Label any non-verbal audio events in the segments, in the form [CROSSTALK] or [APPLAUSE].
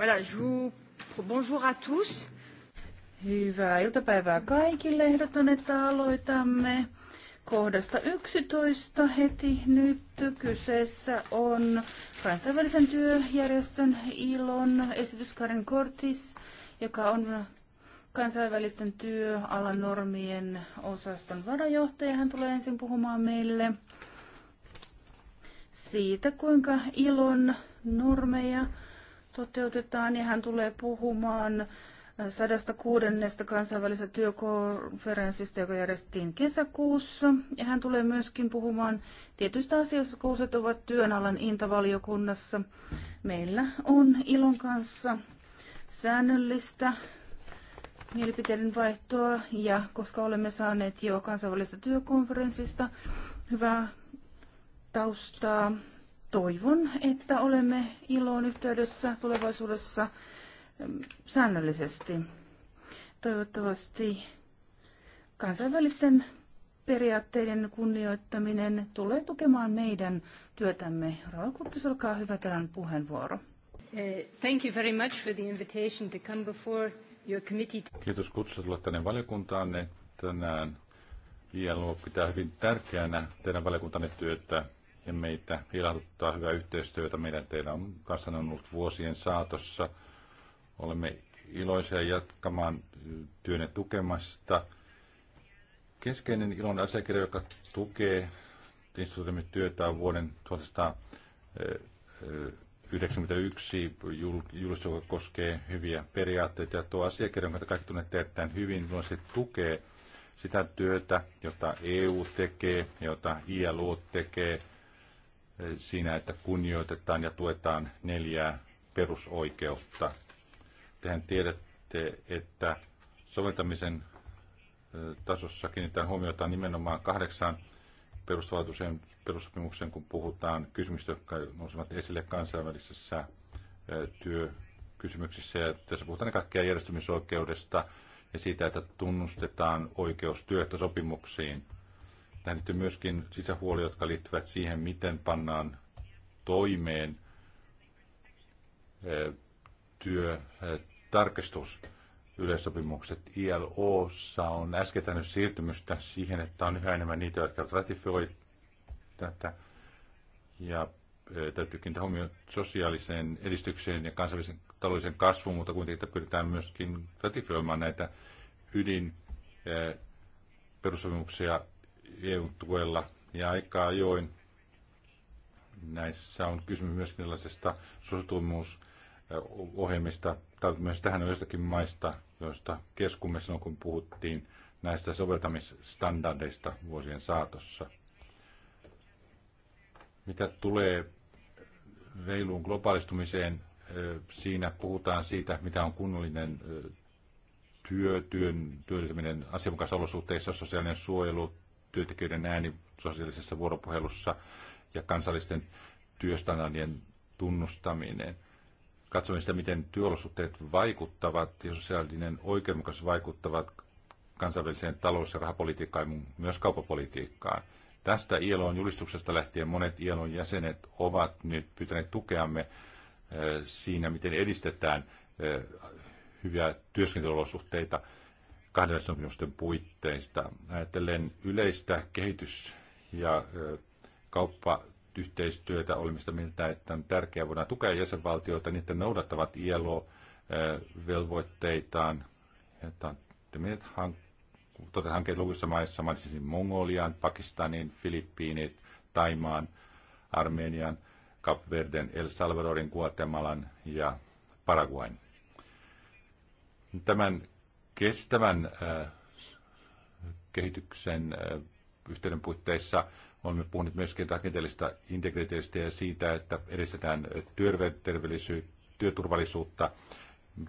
Voilà, je vous... Bonjour à tous. Hyvää iltapäivää kaikille. Ehdotan, että aloitamme kohdasta 11 heti nyt. Kyseessä on kansainvälisen työjärjestön ILON esitys Karen Cortis, joka on kansainvälisten työalan normien osaston varajohtaja. Hän tulee ensin puhumaan meille siitä, kuinka ILON normeja toteutetaan niin hän tulee puhumaan 106. kansainvälisestä työkonferenssista, joka järjestettiin kesäkuussa. Ja hän tulee myöskin puhumaan tietyistä asioista, kun useat ovat työn alan intavaliokunnassa. Meillä on Ilon kanssa säännöllistä mielipiteiden vaihtoa ja koska olemme saaneet jo kansainvälisestä työkonferenssista hyvää taustaa toivon, että olemme iloon yhteydessä tulevaisuudessa mm, säännöllisesti. Toivottavasti kansainvälisten periaatteiden kunnioittaminen tulee tukemaan meidän työtämme. Rauha Kurtis, olkaa hyvä tämän puheenvuoro. Eh, thank you very much for the invitation to come before your committee. Kiitos kutsusta tulla tänne valiokuntaanne tänään. ILO pitää hyvin tärkeänä teidän valiokuntanne työtä ja meitä ilahduttaa hyvää yhteistyötä meidän teillä on kanssanne on ollut vuosien saatossa. Olemme iloisia jatkamaan työnne tukemasta. Keskeinen ilon asiakirja, joka tukee instituutimme työtä on vuoden 1991 eh, eh, julistus, joka koskee hyviä periaatteita. Ja tuo asiakirja, jonka kaikki tunnette erittäin hyvin, niin se tukee sitä työtä, jota EU tekee, jota ILO tekee, siinä, että kunnioitetaan ja tuetaan neljää perusoikeutta. Tehän tiedätte, että soveltamisen tasossa kiinnitetään huomiota nimenomaan kahdeksaan perustavaltuuseen perussopimukseen, kun puhutaan kysymyksistä, jotka nousevat esille kansainvälisessä työkysymyksissä. Ja tässä puhutaan kaikkea järjestämisoikeudesta ja siitä, että tunnustetaan oikeus työehtosopimuksiin – liittyy myöskin sisähuoli, jotka liittyvät siihen, miten pannaan toimeen eh, työtarkistus eh, yleissopimukset ILOssa on äskettänyt siirtymystä siihen, että on yhä enemmän niitä, jotka ratifioi tätä. Ja eh, täytyy kiinnittää huomioon sosiaaliseen edistykseen ja kansallisen taloudellisen kasvuun, mutta kuitenkin pyritään myöskin ratifioimaan näitä ydin perussopimuksia EU-tuella ja aika ajoin näissä on kysymys myös sellaisesta suositumusohjelmista, tai myös tähän joistakin maista, joista keskumme silloin, kun puhuttiin näistä soveltamisstandardeista vuosien saatossa. Mitä tulee reiluun globaalistumiseen, siinä puhutaan siitä, mitä on kunnollinen työ, työn, työllistäminen asianmukaisissa olosuhteissa, sosiaalinen suojelu, työntekijöiden ääni sosiaalisessa vuoropuhelussa ja kansallisten työstandardien tunnustaminen. Katsomme sitä, miten työolosuhteet vaikuttavat ja sosiaalinen oikeudenmukaisuus vaikuttavat kansainväliseen talous- ja rahapolitiikkaan ja myös kaupapolitiikkaan. Tästä ILOn julistuksesta lähtien monet ILOn jäsenet ovat nyt pyytäneet tukeamme eh, siinä, miten edistetään eh, hyviä työskentelyolosuhteita sopimusten puitteista. Ajatellen yleistä kehitys- ja kauppayhteistyötä olemista mieltä, että on tärkeää voidaan tukea jäsenvaltioita, niiden noudattavat ILO-velvoitteitaan. Että tuota hankkeet lukuissa maissa, mainitsin Mongolian, Pakistanin, Filippiinit, Taimaan, Armenian, Kapverden, El Salvadorin, Guatemalan ja Paraguain. Tämän kestävän äh, kehityksen äh, yhteyden puitteissa olemme puhuneet myöskin rakenteellista integriteetistä ja siitä, että edistetään työturvallisuutta.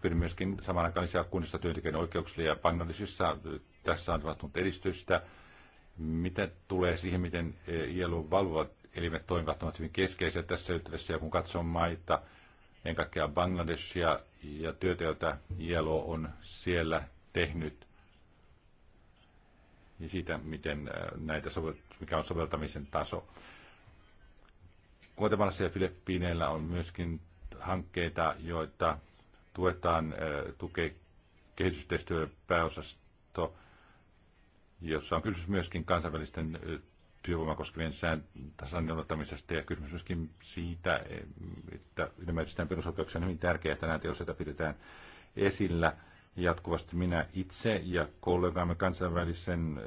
Pyrin myöskin samaan aikaan lisää kunnissa työntekijöiden oikeuksille ja Bangladesissa tässä on tapahtunut edistystä. Mitä tulee siihen, miten äh, ILUn valvovat elimet toimivat, ovat hyvin keskeisiä tässä yhteydessä. Ja kun katsoo maita, ennen kaikkea Bangladesia ja työtä, jota ILO on siellä tehnyt ja siitä, miten äh, näitä mikä on soveltamisen taso. Guatemalassa ja Filippiineillä on myöskin hankkeita, joita tuetaan, äh, tukee kehitysyhteistyöpääosasto, jossa on kysymys myöskin kansainvälisten äh, työvoimaa koskevien tasan noudattamisesta ja kysymys myöskin siitä, että ylimääräisten perusoikeuksia on hyvin tärkeää, että näitä asioita pidetään esillä – jatkuvasti minä itse ja kollegamme kansainvälisen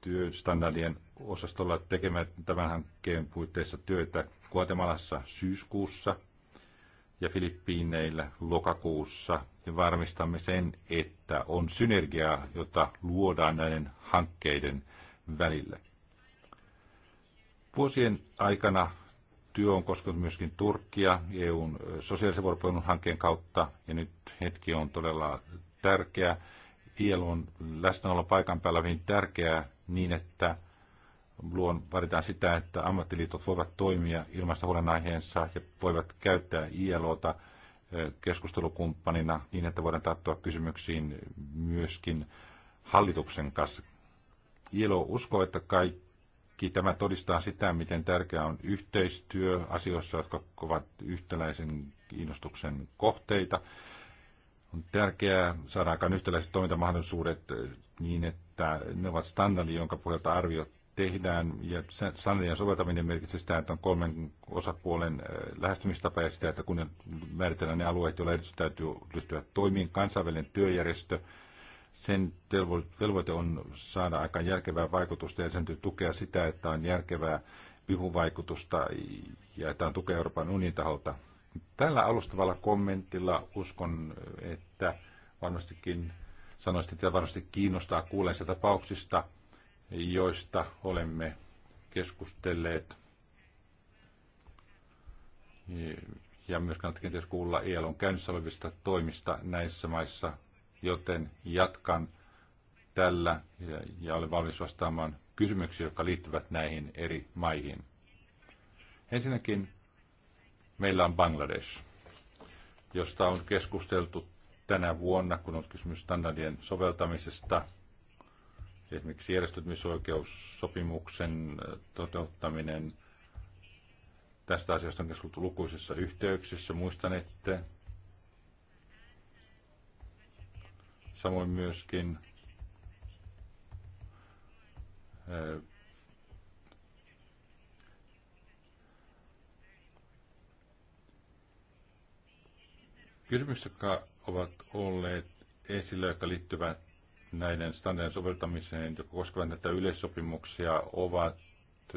työstandardien osastolla tekemään tämän hankkeen puitteissa työtä Guatemalassa syyskuussa ja Filippiineillä lokakuussa ja varmistamme sen, että on synergiaa, jota luodaan näiden hankkeiden välillä. Vuosien aikana työ on koskenut myöskin Turkkia EUn sosiaalisen vuoropuhelun hankkeen kautta, ja nyt hetki on todella tärkeä. on läsnäolo paikan päällä hyvin tärkeää niin, että luon, varitaan sitä, että ammattiliitot voivat toimia ilmaista huolenaiheensa ja voivat käyttää ILOta keskustelukumppanina niin, että voidaan tarttua kysymyksiin myöskin hallituksen kanssa. ILO uskoo, että kaikki tämä todistaa sitä, miten tärkeää on yhteistyö asioissa, jotka ovat yhtäläisen kiinnostuksen kohteita. On tärkeää saada aikaan yhtäläiset toimintamahdollisuudet eh, niin, että ne ovat standardi, jonka pohjalta arviot tehdään. Ja standardien soveltaminen merkitsee sitä, että on kolmen osapuolen eh, lähestymistapa ja sitä, että kun määritellään ne alueet, joilla edistys täytyy ryhtyä toimiin, kansainvälinen työjärjestö, sen velvoite on saada aika järkevää vaikutusta ja sen tukea sitä, että on järkevää vihuvaikutusta ja että on tukea Euroopan unionin taholta. Tällä alustavalla kommentilla uskon, että varmastikin sanoisin, että varmasti kiinnostaa kuulensa tapauksista, joista olemme keskustelleet. Ja myös kannattaa kenties kuulla ILOn e käynnissä olevista toimista näissä maissa, joten jatkan tällä ja, ja olen valmis vastaamaan kysymyksiä, jotka liittyvät näihin eri maihin. Ensinnäkin Meillä on Bangladesh, josta on keskusteltu tänä vuonna, kun on kysymys standardien soveltamisesta, esimerkiksi järjestötymisoikeussopimuksen eh, toteuttaminen. Tästä asiasta on keskusteltu lukuisissa yhteyksissä, muistan, että samoin myöskin eh, kysymys, jotka ovat olleet esillä, jotka liittyvät näiden standardien soveltamiseen, jotka koskevat näitä yleissopimuksia, ovat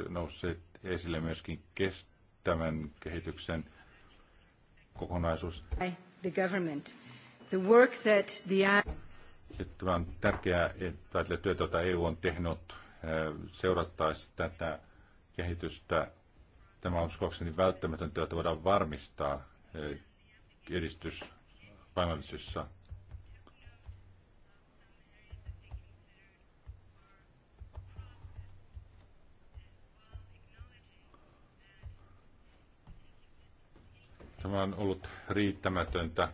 nousseet esille myöskin kestävän kehityksen kokonaisuus. The government. The work that the... Sitten on tärkeää, että työtä, jota EU on tehnyt, seurattaisi tätä kehitystä. Tämä on uskoakseni välttämätöntä, että voidaan varmistaa edistyspanelisissa. Tämä on ollut riittämätöntä.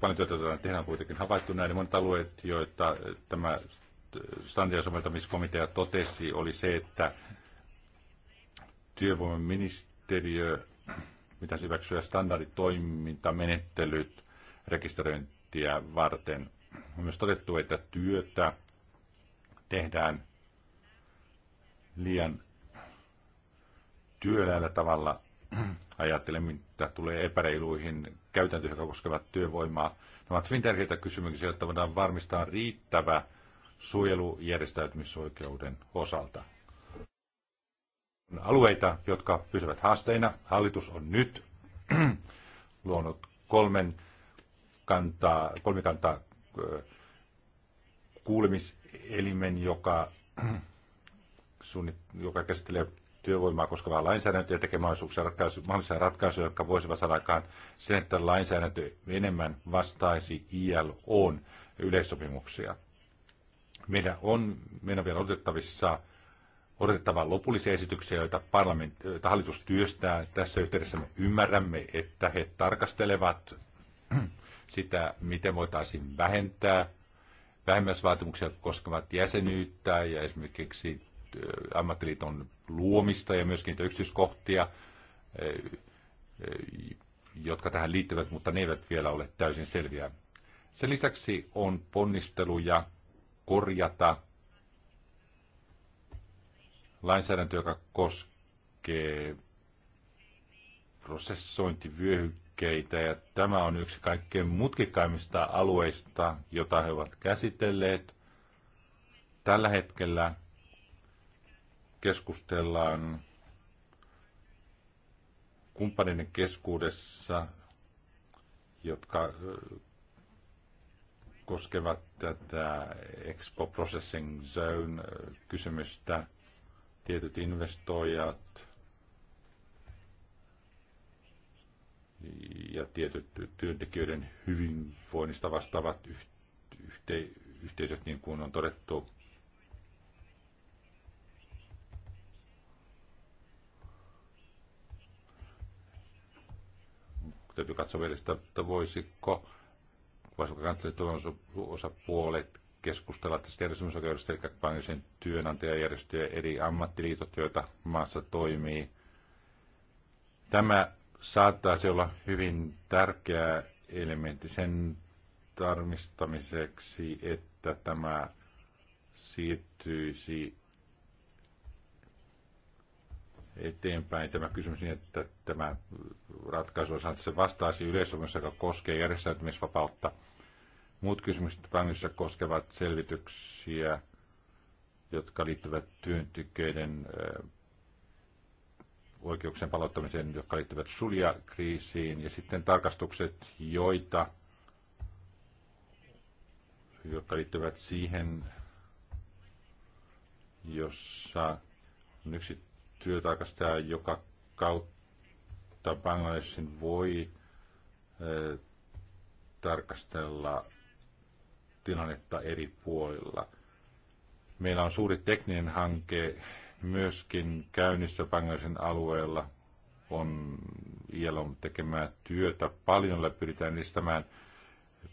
Paljon työtä tehdään kuitenkin havaittu näin. Monet alueet, joita tämä standardien soveltamiskomitea totesi, oli se, että työvoimaministeriö pitäisi hyväksyä standarditoimintamenettelyt rekisteröintiä varten. On myös todettu, että työtä tehdään liian työläällä tavalla. ajattelen, mitä tulee epäreiluihin käytäntöihin, jotka koskevat työvoimaa. Ne ovat hyvin tärkeitä kysymyksiä, jotta voidaan varmistaa riittävä suojelu järjestäytymisoikeuden osalta alueita, jotka pysyvät haasteina. Hallitus on nyt [CLEARS THROAT] luonut kolmen kantaa, kolmikantaa kuulemiselimen, joka, [CLEARS THROAT] joka käsittelee työvoimaa koskevaa lainsäädäntöä ja tekee mahdollisuuksia ratkaisu, mahdollisia ratkaisuja, jotka voisivat saada aikaan sen, että lainsäädäntö enemmän vastaisi ILOn yleissopimuksia. Meidän on meidän on vielä otettavissa odotettava lopullisia esityksiä, joita, parlament, hallitus työstää. Tässä yhteydessä me ymmärrämme, että he tarkastelevat [CLEARS THROAT] sitä, miten voitaisiin vähentää vähemmäisvaatimuksia koskevat jäsenyyttä ja esimerkiksi äh, ammattiliiton luomista ja myöskin niitä yksityiskohtia, äh, äh, jotka tähän liittyvät, mutta ne eivät vielä ole täysin selviä. Sen lisäksi on ponnisteluja korjata lainsäädäntö, joka koskee prosessointivyöhykkeitä, ja tämä on yksi kaikkein mutkikkaimmista alueista, jota he ovat käsitelleet. Tällä hetkellä keskustellaan kumppaninen keskuudessa, jotka koskevat tätä Expo Processing Zone-kysymystä – tietyt investoijat ja tietyt työntekijöiden hyvinvoinnista vastaavat yhte, yhteisöt, niin kuin on todettu, täytyy katsoa vielä sitä, että voisiko vaikka kansalliset osapuolet keskustella tästä järjestämisoikeudesta, eli sen työnantajajärjestöjä, eri ammattiliitot, joita maassa toimii. Tämä saattaisi olla hyvin tärkeä elementti sen tarmistamiseksi, että tämä siirtyisi eteenpäin tämä kysymys niin, että tämä ratkaisu on saanut, että se vastaisi yleissopimus, joka koskee järjestäytymisvapautta – Muut kysymykset pankissa koskevat selvityksiä, jotka liittyvät työntekijöiden oikeuksien palauttamiseen, jotka liittyvät suljakriisiin, ja sitten tarkastukset, joita, jotka liittyvät siihen, jossa on yksi työtarkastaja, joka kautta Bangladesin voi tarkastella tilannetta eri puolilla. Meillä on suuri tekninen hanke myöskin käynnissä Bangladesin alueella. On ILOn tekemää työtä paljon, pyritään edistämään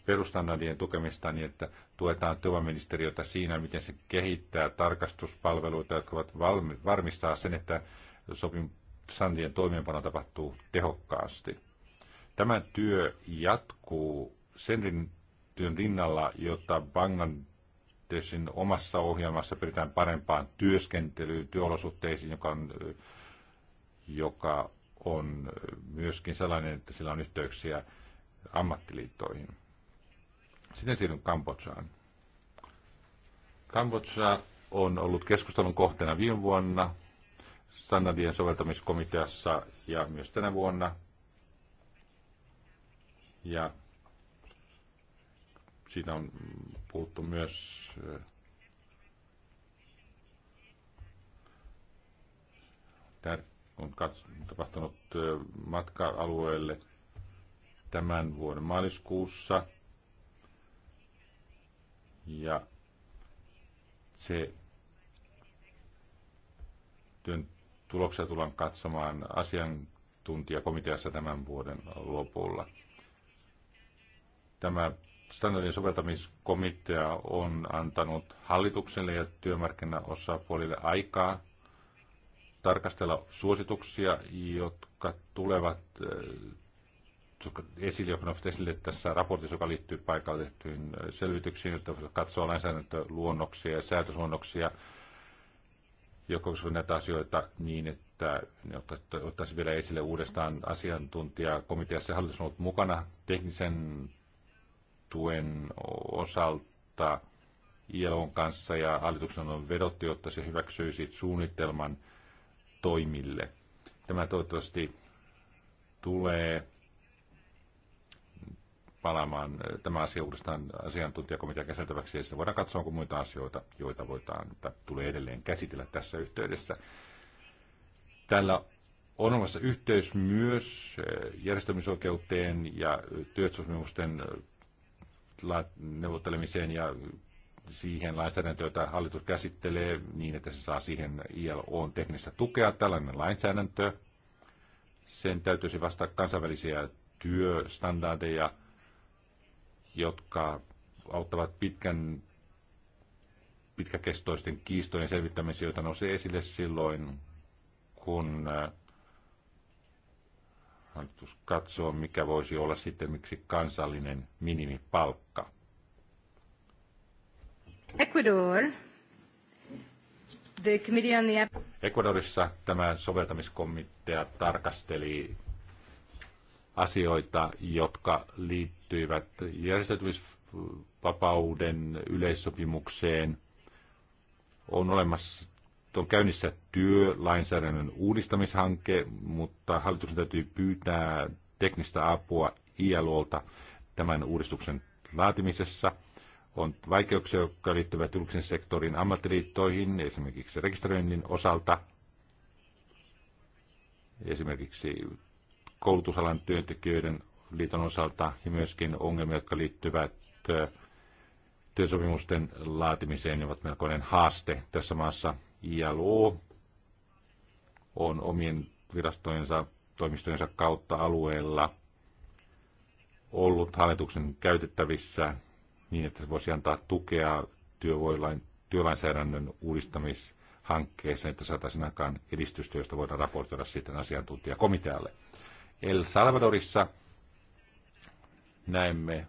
perustandardien tukemista niin, että tuetaan työministeriötä siinä, miten se kehittää tarkastuspalveluita, jotka ovat valmi- varmistaa sen, että sopimusandien toimeenpano tapahtuu tehokkaasti. Tämä työ jatkuu sen työn rinnalla, jotta Bangladesin omassa ohjelmassa pyritään parempaan työskentelyyn, työolosuhteisiin, joka on, joka on myöskin sellainen, että sillä on yhteyksiä ammattiliittoihin. Sitten siirryn Kambodsaan. Kambodža on ollut keskustelun kohteena viime vuonna standardien soveltamiskomiteassa ja myös tänä vuonna. Ja siitä on puhuttu myös on tapahtunut matka-alueelle tämän vuoden maaliskuussa. Ja se työn tuloksia tullaan katsomaan asiantuntijakomiteassa tämän vuoden lopulla. Tämä standardin soveltamiskomitea on antanut hallitukselle ja työmarkkinaosapuolille aikaa tarkastella suosituksia, jotka tulevat eh, esille, jotka ovat esille tässä raportissa, joka liittyy paikalle tehtyihin eh, selvityksiin, jotta katsoo lainsäädäntöluonnoksia ja säätösluonnoksia, jotka on näitä asioita niin, että ne ottaisi vielä esille uudestaan asiantuntijakomiteassa. Hallitus on ollut mukana teknisen tuen osalta ILOn kanssa ja hallituksen on vedottu, jotta se hyväksyisi suunnitelman toimille. Tämä toivottavasti tulee palaamaan eh, tämä asia uudestaan asiantuntijakomitean käsiteltäväksi, ja voidaan katsoa, onko muita asioita, joita voidaan, että tulee edelleen käsitellä tässä yhteydessä. Tällä on olemassa yhteys myös eh, järjestämisoikeuteen ja eh, työehtosopimusten neuvottelemiseen ja siihen lainsäädäntöön, jota hallitus käsittelee niin, että se saa siihen ILOn teknistä tukea, tällainen lainsäädäntö. Sen täytyisi vastata kansainvälisiä työstandardeja, jotka auttavat pitkän, pitkäkestoisten kiistojen selvittämiseen, joita nousee esille silloin, kun äh, Hallitus katsoo, mikä voisi olla sitten miksi kansallinen minimipalkka. Ecuador. The committee on the... Ecuadorissa tämä soveltamiskomitea tarkasteli asioita, jotka liittyivät järjestäytymisvapauden yleissopimukseen. On olemassa on käynnissä työlainsäädännön uudistamishanke, mutta hallituksen täytyy pyytää teknistä apua ILOlta tämän uudistuksen laatimisessa. On vaikeuksia, jotka liittyvät julkisen sektorin ammattiliittoihin, esimerkiksi rekisteröinnin osalta, esimerkiksi koulutusalan työntekijöiden liiton osalta ja myöskin ongelmia, jotka liittyvät työsopimusten laatimiseen, ovat melkoinen haaste tässä maassa. ILO on omien virastojensa, toimistojensa kautta alueella ollut hallituksen käytettävissä niin, että se voisi antaa tukea työlainsäädännön uudistamishankkeeseen, että saataisiin aikaan edistystä, josta voidaan raportoida sitten asiantuntijakomitealle. El Salvadorissa näemme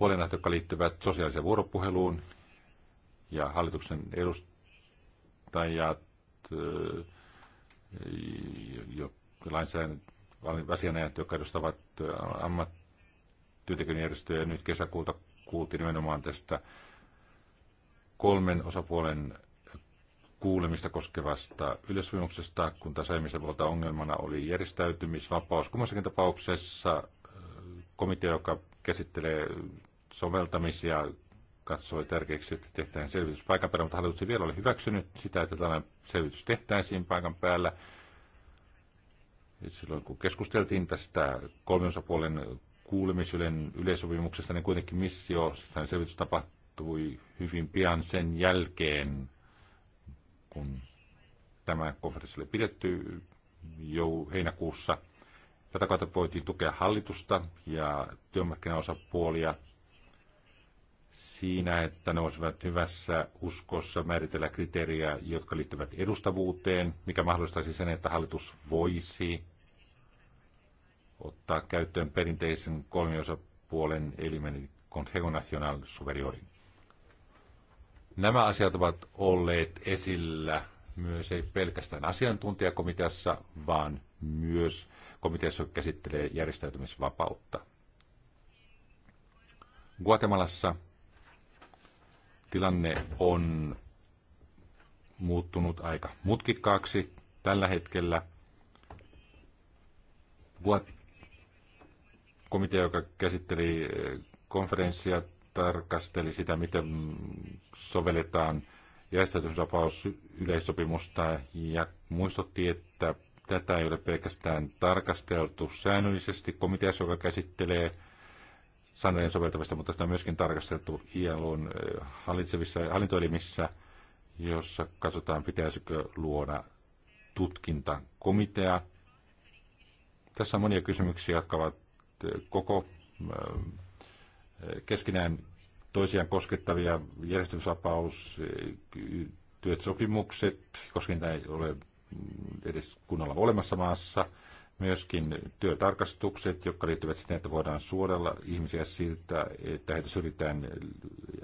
huolenaiheet, jotka liittyvät sosiaaliseen vuoropuheluun ja hallituksen edustajien kuluttajat, lainsäädäntöasianajat, jotka edustavat ammattityöntekijöiden järjestöjä. Nyt kesäkuulta kuultiin nimenomaan tästä kolmen osapuolen kuulemista koskevasta yleissopimuksesta, kun tasaimisen puolta ongelmana oli järjestäytymisvapaus. Kummassakin tapauksessa komitea, joka käsittelee soveltamisia katsoi tärkeäksi, että tehtäisiin selvitys paikan päällä, mutta hallitus ei vielä ole hyväksynyt sitä, että tällainen selvitys tehtäisiin paikan päällä. Silloin kun keskusteltiin tästä kolmiosapuolen kuulemisylen yleisopimuksesta, niin kuitenkin missio, tällainen selvitys tapahtui hyvin pian sen jälkeen, kun tämä konferenssi oli pidetty jo heinäkuussa. Tätä kautta voitiin tukea hallitusta ja työmarkkinaosapuolia siinä, että ne olisivat hyvässä uskossa määritellä kriteeriä, jotka liittyvät edustavuuteen, mikä mahdollistaisi sen, että hallitus voisi ottaa käyttöön perinteisen kolmiosapuolen elimen Consejo Nacional Superiorin. Nämä asiat ovat olleet esillä myös ei pelkästään asiantuntijakomiteassa, vaan myös komiteassa, joka käsittelee järjestäytymisvapautta. Guatemalassa tilanne on muuttunut aika mutkikkaaksi tällä hetkellä. Komitea, joka käsitteli eh, konferenssia, tarkasteli sitä, miten sovelletaan järjestäytymisvapaus yleissopimusta ja muistutti, että tätä ei ole pelkästään tarkasteltu säännöllisesti komiteassa, joka käsittelee sanojen soveltamista, mutta sitä on myöskin tarkasteltu ILOn eh, hallitsevissa hallintoelimissä, jossa katsotaan, pitäisikö luoda tutkintakomitea. Tässä on monia kysymyksiä, jotka ovat eh, koko eh, keskinään toisiaan koskettavia, järjestämisvapaus, työt sopimukset, koska niitä ei ole edes kunnolla olemassa maassa – myöskin työtarkastukset, jotka liittyvät siihen, että voidaan suodella ihmisiä siltä, että heitä syrjitään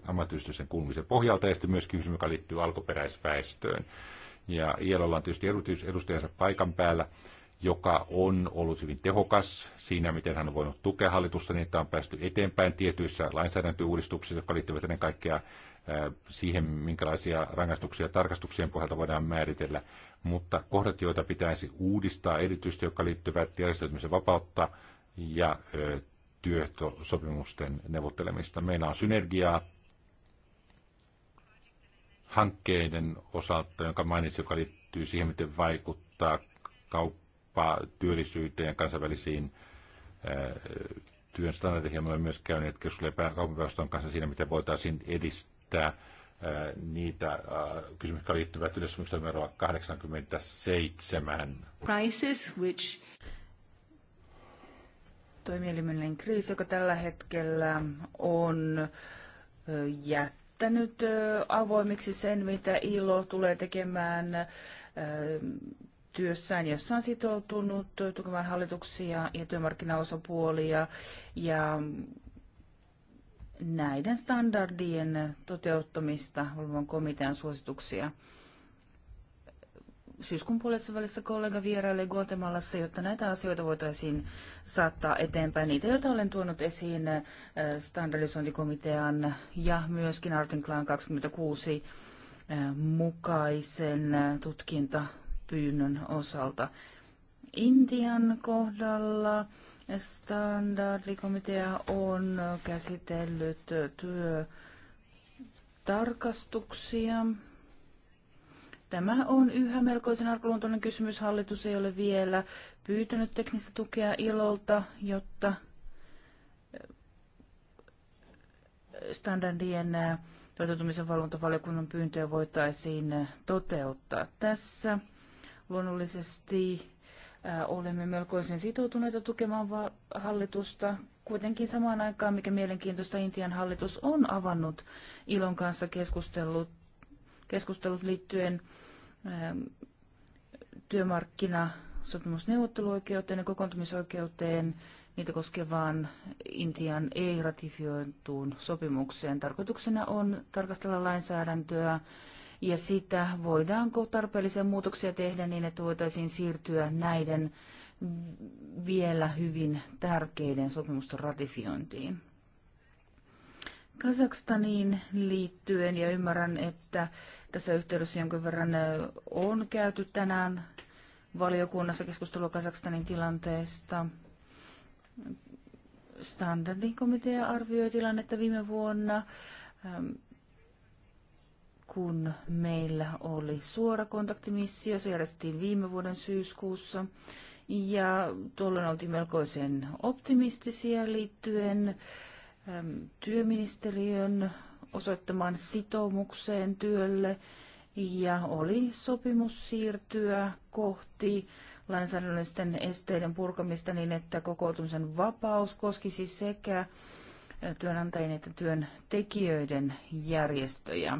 ammattiyhdistyksen kuulumisen pohjalta, ja sitten myöskin kysymys, joka liittyy alkuperäisväestöön. Ja Ielolla on tietysti edustajansa paikan päällä, joka on ollut hyvin tehokas siinä, miten hän on voinut tukea hallitusta niin, että on päästy eteenpäin tietyissä lainsäädäntöuudistuksissa, jotka liittyvät ennen kaikkea siihen, minkälaisia rangaistuksia tarkastuksien pohjalta voidaan määritellä. Mutta kohdat, joita pitäisi uudistaa, erityisesti jotka liittyvät järjestäytymisen vapautta ja työehtosopimusten neuvottelemista. Meillä on synergiaa hankkeiden osalta, jonka mainitsin, joka liittyy siihen, miten vaikuttaa kauppaan kauppaa työllisyyteen, kansainvälisiin eh, työn standardeihin. Me olemme myös käyneet keskustelua kaupunkiväestön kanssa siinä, miten voitaisiin edistää eh, niitä eh, kysymyksiä, jotka liittyvät yleissopimuksen numeroa 87. Crisis, which toimielimellinen kriisi, joka tällä hetkellä on jättänyt avoimiksi sen, mitä ILO tulee tekemään työssään, jossa on sitoutunut tukemaan hallituksia ja työmarkkinaosapuolia ja näiden standardien toteuttamista valvon komitean suosituksia. Syyskuun puolessa välissä kollega vieraili Guatemalassa, jotta näitä asioita voitaisiin saattaa eteenpäin. Niitä, joita olen tuonut esiin eh, standardisointikomitean ja myöskin Artinklaan 26 eh, mukaisen eh, tutkinta pyynnön osalta. Intian kohdalla standardikomitea on käsitellyt työtarkastuksia. Tämä on yhä melkoisen arkaluontoinen kysymys. Hallitus ei ole vielä pyytänyt teknistä tukea ilolta, jotta standardien toteutumisen valvontavaliokunnan pyyntöjä voitaisiin toteuttaa tässä. Luonnollisesti olemme melkoisen sitoutuneita tukemaan hallitusta. Kuitenkin samaan aikaan, mikä mielenkiintoista, Intian hallitus on avannut Ilon kanssa keskustelut, keskustelut liittyen työmarkkinasopimusneuvotteluoikeuteen ja kokoontumisoikeuteen niitä koskevaan Intian ei-ratifioituun sopimukseen. Tarkoituksena on tarkastella lainsäädäntöä ja sitä, voidaanko tarpeellisia muutoksia tehdä niin, että voitaisiin siirtyä näiden vielä hyvin tärkeiden sopimusten ratifiointiin. Kazakstaniin liittyen, ja ymmärrän, että tässä yhteydessä jonkin verran on käyty tänään valiokunnassa keskustelua Kazakstanin tilanteesta. Standardin komitea arvioi tilannetta viime vuonna kun meillä oli suora kontaktimissio. Se järjestettiin viime vuoden syyskuussa. Ja tuolloin oltiin melkoisen optimistisia liittyen työministeriön osoittamaan sitoumukseen työlle ja oli sopimus siirtyä kohti lainsäädännöllisten esteiden purkamista niin, että kokoutumisen vapaus koskisi sekä työnantajien että työntekijöiden järjestöjä.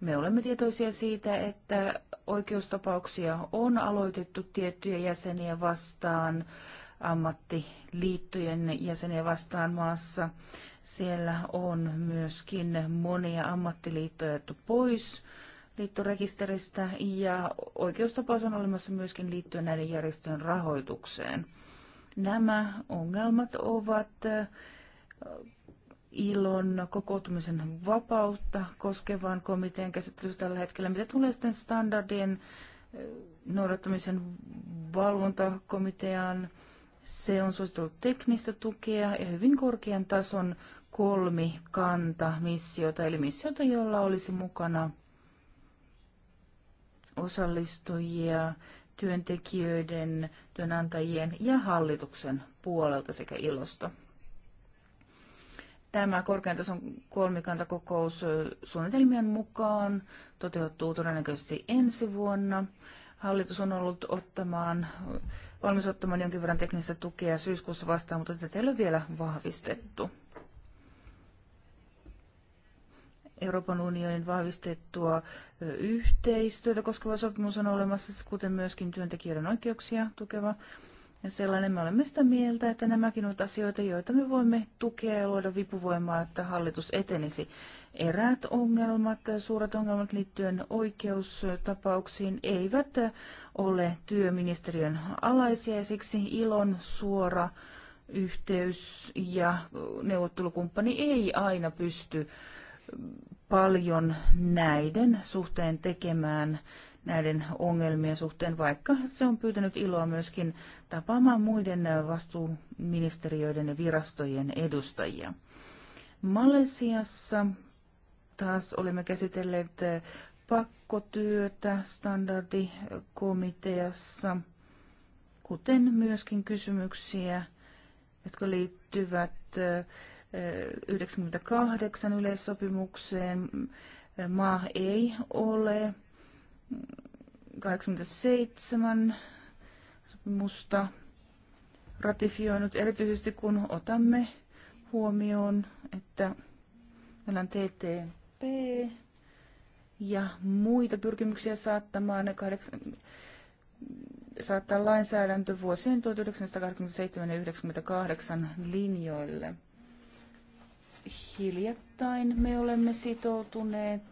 Me olemme tietoisia siitä, että oikeustapauksia on aloitettu tiettyjä jäseniä vastaan, ammattiliittojen jäseniä vastaan maassa. Siellä on myöskin monia ammattiliittoja jätetty pois liittorekisteristä ja oikeustapaus on olemassa myöskin liittyen näiden järjestöjen rahoitukseen. Nämä ongelmat ovat ilon kokoutumisen vapautta koskevan komitean käsittelyssä tällä hetkellä. Mitä tulee sitten standardien eh, noudattamisen valvontakomiteaan, se on suositellut teknistä tukea ja hyvin korkean tason kolmikanta missiota, eli missiota, jolla olisi mukana osallistujia työntekijöiden, työnantajien ja hallituksen puolelta sekä ilosta. Tämä korkean tason kolmikantakokous suunnitelmien mukaan toteutuu todennäköisesti ensi vuonna. Hallitus on ollut ottamaan, valmis ottamaan jonkin verran teknistä tukea syyskuussa vastaan, mutta tätä ei ole vielä vahvistettu. Euroopan unionin vahvistettua yhteistyötä koskeva sopimus on olemassa, kuten myöskin työntekijöiden oikeuksia tukeva sellainen. Me olemme sitä mieltä, että nämäkin ovat asioita, joita me voimme tukea ja luoda vipuvoimaa, että hallitus etenisi. Eräät ongelmat, suuret ongelmat liittyen oikeustapauksiin eivät ole työministeriön alaisia ja siksi ilon suora yhteys ja neuvottelukumppani ei aina pysty paljon näiden suhteen tekemään näiden ongelmien suhteen, vaikka se on pyytänyt iloa myöskin tapaamaan muiden vastuuministeriöiden ja virastojen edustajia. Malesiassa taas olemme käsitelleet pakkotyötä standardikomiteassa, kuten myöskin kysymyksiä, jotka liittyvät 98 eh, yleissopimukseen. Maa ei ole 87 sopimusta ratifioinut, erityisesti kun otamme huomioon, että meillä on TTP ja muita pyrkimyksiä saattamaan saattaa lainsäädäntö vuosien 1987 ja 1998 linjoille. Hiljattain me olemme sitoutuneet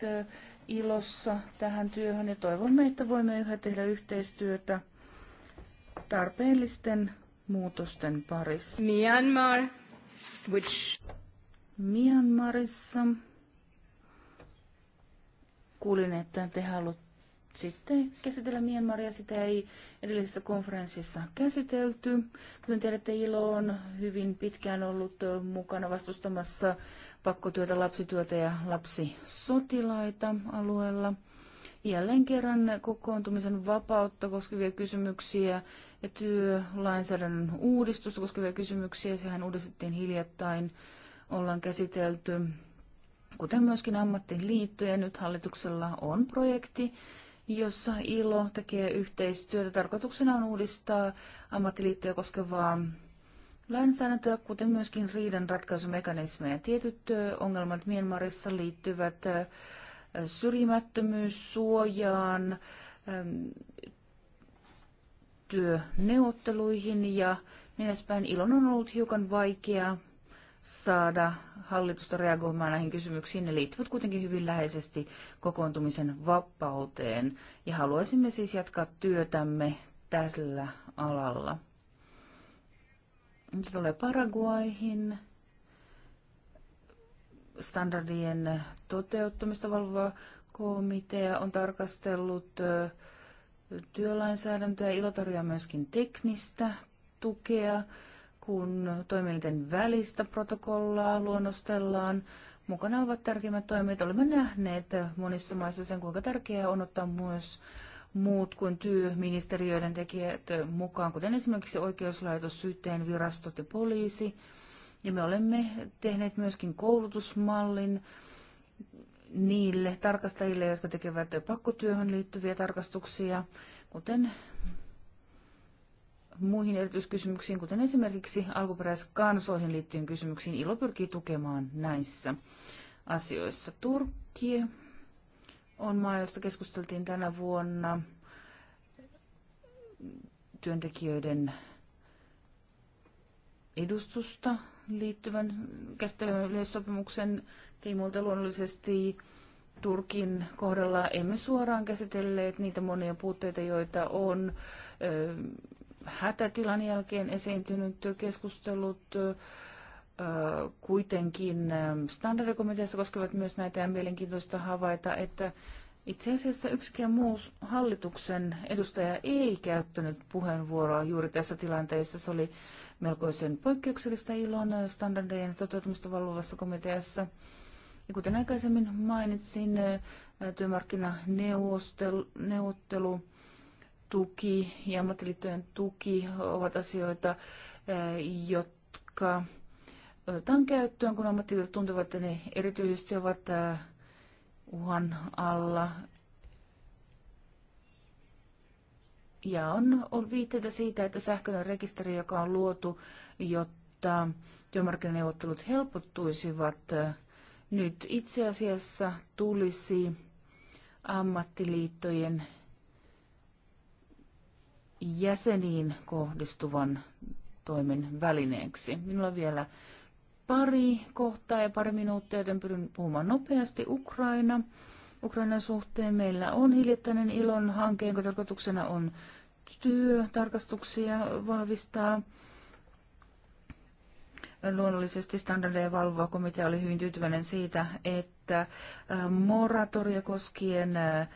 ilossa tähän työhön ja toivomme, että voimme yhä tehdä yhteistyötä tarpeellisten muutosten parissa. Myanmar, which... Myanmarissa kuulin, että te haluatte sitten käsitellä Myanmaria. Sitä ei edellisessä konferenssissa käsitelty. Kuten tiedätte, ILO on hyvin pitkään ollut mukana vastustamassa pakkotyötä, lapsityötä ja lapsisotilaita alueella. Jälleen kerran kokoontumisen vapautta koskevia kysymyksiä ja työlainsäädännön uudistusta koskevia kysymyksiä. Sehän uudistettiin hiljattain. Ollaan käsitelty kuten myöskin ammattiliittoja. Nyt hallituksella on projekti, jossa ILO tekee yhteistyötä. Tarkoituksena on uudistaa ammattiliittoja koskevaa lainsäädäntöä, kuten myöskin riidanratkaisumekanismeja. Tietyt ongelmat Myanmarissa liittyvät syrjimättömyyssuojaan, työneuvotteluihin ja niin edespäin. Ilon on ollut hiukan vaikea saada hallitusta reagoimaan näihin kysymyksiin. Ne liittyvät kuitenkin hyvin läheisesti kokoontumisen vapauteen ja haluaisimme siis jatkaa työtämme tällä alalla. Nyt tulee Paraguaihin standardien toteuttamista valvova komitea on tarkastellut työlainsäädäntöä. Ilo tarjoaa myöskin teknistä tukea kun toimielinten välistä protokollaa luonnostellaan. Mukana ovat tärkeimmät toimet. Olemme nähneet monissa maissa sen, kuinka tärkeää on ottaa myös muut kuin työministeriöiden tekijät mukaan, kuten esimerkiksi oikeuslaitos, syytteen virastot ja poliisi. Ja me olemme tehneet myöskin koulutusmallin niille tarkastajille, jotka tekevät pakkotyöhön liittyviä tarkastuksia, kuten muihin erityiskysymyksiin, kuten esimerkiksi alkuperäiskansoihin liittyen kysymyksiin. ILO pyrkii tukemaan näissä asioissa. Turkki on maa, josta keskusteltiin tänä vuonna työntekijöiden edustusta liittyvän käsittelevän yleissopimuksen tiimoilta luonnollisesti Turkin kohdalla emme suoraan käsitelleet niitä monia puutteita, joita on hätätilan jälkeen esiintynyt keskustelut kuitenkin standardikomiteassa koskevat myös näitä ja mielenkiintoista havaita, että itse asiassa yksikään muu hallituksen edustaja ei käyttänyt puheenvuoroa juuri tässä tilanteessa. Se oli melkoisen poikkeuksellista ilon standardien toteutumista valvovassa komiteassa. Ja kuten aikaisemmin mainitsin, työmarkkinaneuvottelu neuvottelu, tuki ja ammattiliittojen tuki ovat asioita, eh, jotka otetaan käyttöön, kun ammattiliitot tuntevat, että ne erityisesti ovat eh, uhan alla. Ja on, on viitteitä siitä, että sähköinen rekisteri, joka on luotu, jotta työmarkkinaneuvottelut helpottuisivat, eh, nyt itse asiassa tulisi ammattiliittojen jäseniin kohdistuvan toimen välineeksi. Minulla on vielä pari kohtaa ja pari minuuttia, joten pyrin puhumaan nopeasti Ukraina. Ukrainan suhteen meillä on hiljattainen ilon hanke, jonka tarkoituksena on työtarkastuksia vahvistaa. Luonnollisesti standardeja valvoa komitea oli hyvin tyytyväinen siitä, että äh, moratoria koskien äh,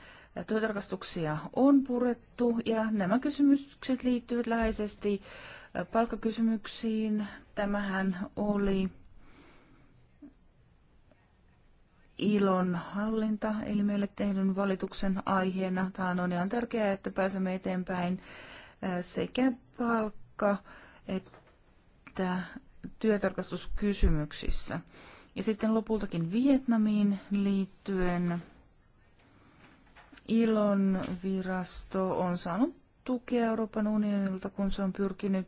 työtarkastuksia on purettu ja nämä kysymykset liittyvät läheisesti palkkakysymyksiin. Tämähän oli ilon hallinta, eli meille tehdyn valituksen aiheena. Tämä on ihan tärkeää, että pääsemme eteenpäin sekä palkka että työtarkastuskysymyksissä. Ja sitten lopultakin Vietnamiin liittyen Ilon virasto on saanut tukea Euroopan unionilta, kun se on pyrkinyt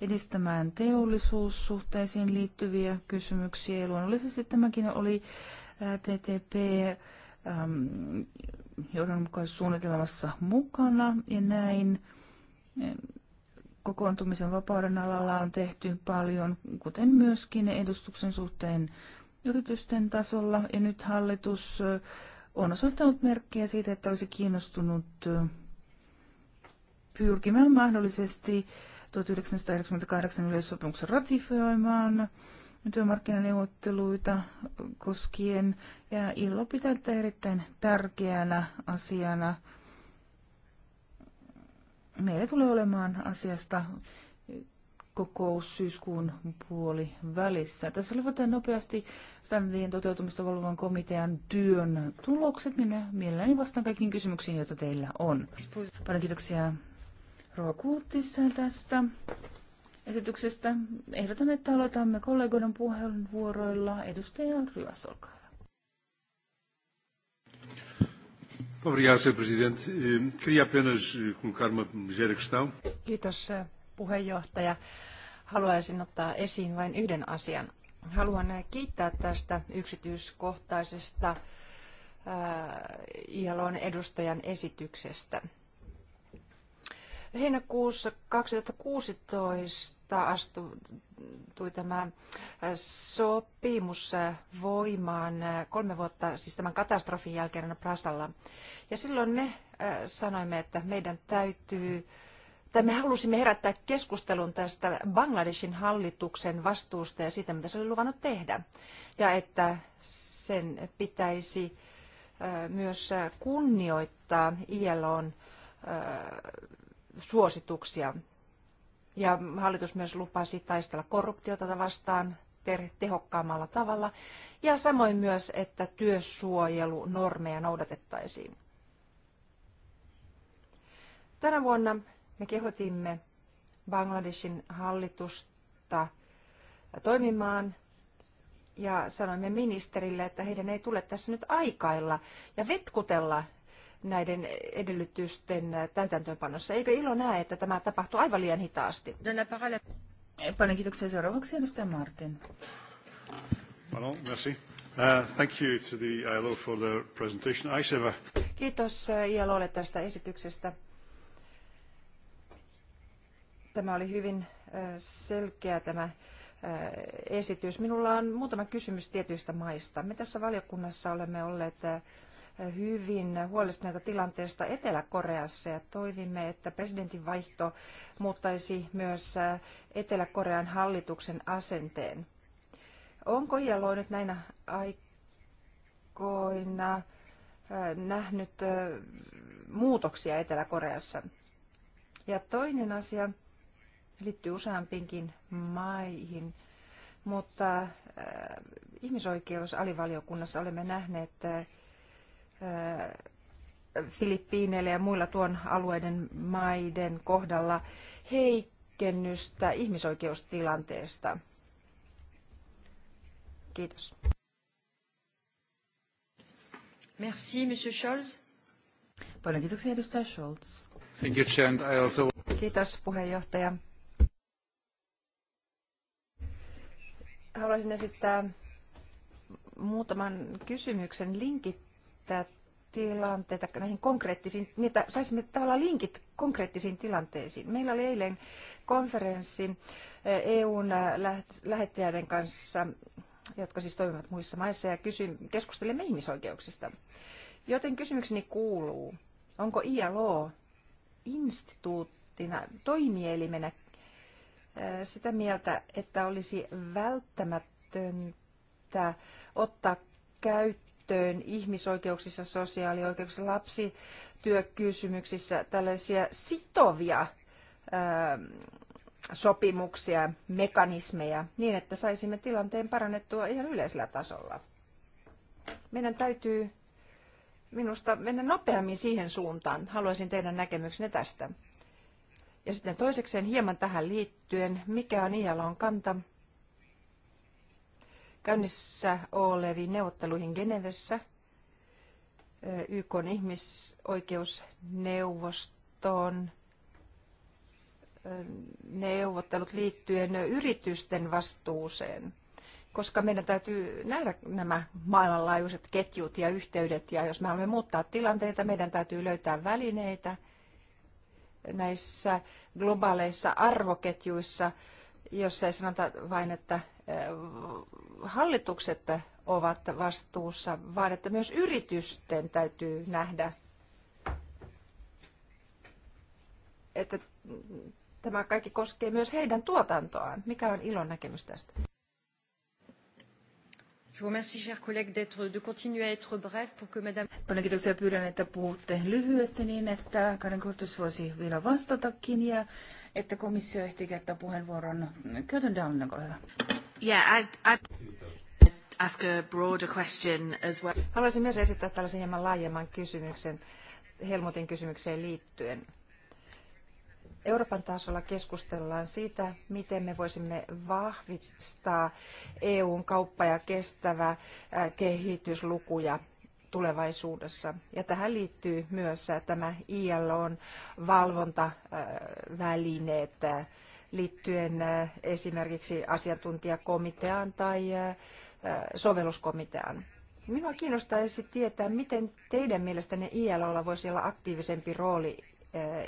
edistämään teollisuussuhteisiin liittyviä kysymyksiä. Ja luonnollisesti tämäkin oli TTP johdonmukaisuussuunnitelmassa mukana ja näin. Kokoontumisen vapauden alalla on tehty paljon, kuten myöskin edustuksen suhteen yritysten tasolla. Ja nyt hallitus äh, on osoittanut merkkejä siitä, että olisi kiinnostunut pyrkimään mahdollisesti 1998 yleissopimuksen ratifioimaan työmarkkinaneuvotteluita koskien. Ja Illo pitää tätä erittäin tärkeänä asiana. Meillä tulee olemaan asiasta kokous syyskuun puoli välissä. Tässä oli nopeasti standardien toteutumista valvovan komitean työn tulokset. Minä mielelläni vastaan kaikkiin kysymyksiin, joita teillä on. Paljon kiitoksia Rova Kurtis tästä esityksestä. Ehdotan, että aloitamme kollegoiden puheenvuoroilla. Edustaja Ryös, olkaa hyvä. Obrigado, Sr. Eh, eh, Kiitos, eh, puheenjohtaja. Haluaisin ottaa esiin vain yhden asian. Haluan kiittää tästä yksityiskohtaisesta ILOn edustajan esityksestä. Heinäkuussa 2016 astui tämä sopimus voimaan kolme vuotta, siis tämän katastrofin jälkeen Prasalla. Ja silloin me sanoimme, että meidän täytyy että me halusimme herättää keskustelun tästä Bangladeshin hallituksen vastuusta ja siitä, mitä se oli luvannut tehdä. Ja että sen pitäisi myös kunnioittaa ILOn suosituksia. Ja hallitus myös lupasi taistella korruptiota vastaan tehokkaammalla tavalla ja samoin myös, että työsuojelunormeja noudatettaisiin. Tänä vuonna me kehotimme Bangladeshin hallitusta toimimaan ja sanoimme ministerille, että heidän ei tule tässä nyt aikailla ja vetkutella näiden edellytysten täytäntöönpanossa. Eikö ilo näe, että tämä tapahtuu aivan liian hitaasti? Paljon kiitoksia seuraavaksi edustaja Martin. Pardon, merci. Uh, thank you to the ILO for presentation. Kiitos uh, ILOlle tästä esityksestä. Tämä oli hyvin selkeä tämä esitys. Minulla on muutama kysymys tietyistä maista. Me tässä valiokunnassa olemme olleet hyvin huolestuneita tilanteesta Etelä-Koreassa ja toivimme, että presidentin vaihto muuttaisi myös Etelä-Korean hallituksen asenteen. Onko Hialo nyt näinä aikoina nähnyt muutoksia Etelä-Koreassa? Ja toinen asia, liittyy useampiinkin maihin, mutta äh, ihmisoikeusalivaliokunnassa olemme nähneet äh, Filippiineille ja muilla tuon alueiden maiden kohdalla heikennystä ihmisoikeustilanteesta. Kiitos. Merci, Monsieur Scholz. Paljon kiitoksia, edustaja Scholz. Thank you, Chant. I also... Kiitos, puheenjohtaja. haluaisin esittää muutaman kysymyksen linkittää tilanteita näihin konkreettisiin, niin että saisimme tavallaan linkit konkreettisiin tilanteisiin. Meillä oli eilen konferenssi EUn eh, e eh, lähettäjäiden kanssa, jotka siis toimivat muissa maissa, ja kysy, keskustelimme ihmisoikeuksista. Joten kysymykseni kuuluu, onko ILO instituuttina, toimielimenä sitä mieltä, että olisi välttämätöntä ottaa käyttöön ihmisoikeuksissa, sosiaalioikeuksissa, lapsityökysymyksissä tällaisia sitovia sopimuksia, mekanismeja, niin että saisimme tilanteen parannettua ihan yleisellä tasolla. Meidän täytyy minusta mennä nopeammin siihen suuntaan. Haluaisin teidän näkemyksenne tästä. Ja sitten toisekseen hieman tähän liittyen, mikä on ILOn kanta käynnissä oleviin neuvotteluihin Genevessä YK ihmisoikeusneuvostoon neuvottelut liittyen yritysten vastuuseen, koska meidän täytyy nähdä nämä maailmanlaajuiset ketjut ja yhteydet, ja jos me haluamme muuttaa tilanteita, meidän täytyy löytää välineitä – näissä globaaleissa arvoketjuissa, jossa ei sanota vain, että hallitukset ovat vastuussa, vaan että myös yritysten täytyy nähdä, että tämä kaikki koskee myös heidän tuotantoaan. Mikä on ilon näkemys tästä? Paljon kiitoksia pyydän, että puhutte lyhyesti niin, että Karin Kurtus voisi vielä vastatakin ja että komissio ehti käyttää puheenvuoron. Käytän Dallin, olkaa hyvä. Yeah, I, I ask a broader question as well. Haluaisin myös esittää tällaisen hieman laajemman kysymyksen Helmutin kysymykseen liittyen Euroopan tasolla keskustellaan siitä, miten me voisimme vahvistaa EUn kauppa- ja kestävä kehityslukuja tulevaisuudessa. Ja tähän liittyy myös tämä ILOn valvontavälineet liittyen esimerkiksi asiantuntijakomiteaan tai sovelluskomiteaan. Minua kiinnostaisi tietää, miten teidän mielestänne ILOlla voisi olla aktiivisempi rooli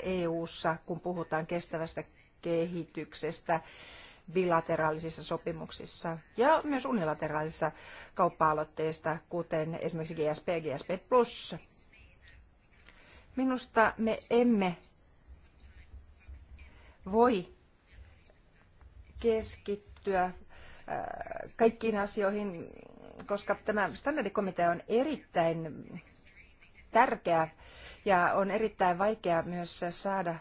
EU:ssa, kun puhutaan kestävästä kehityksestä bilateraalisissa sopimuksissa ja myös unilateraalisissa kauppa-aloitteista, kuten esimerkiksi GSP ja GSP+. Minusta me emme voi keskittyä äh, kaikkiin asioihin, koska tämä standardikomitea on erittäin tärkeä ja on erittäin vaikea myös saada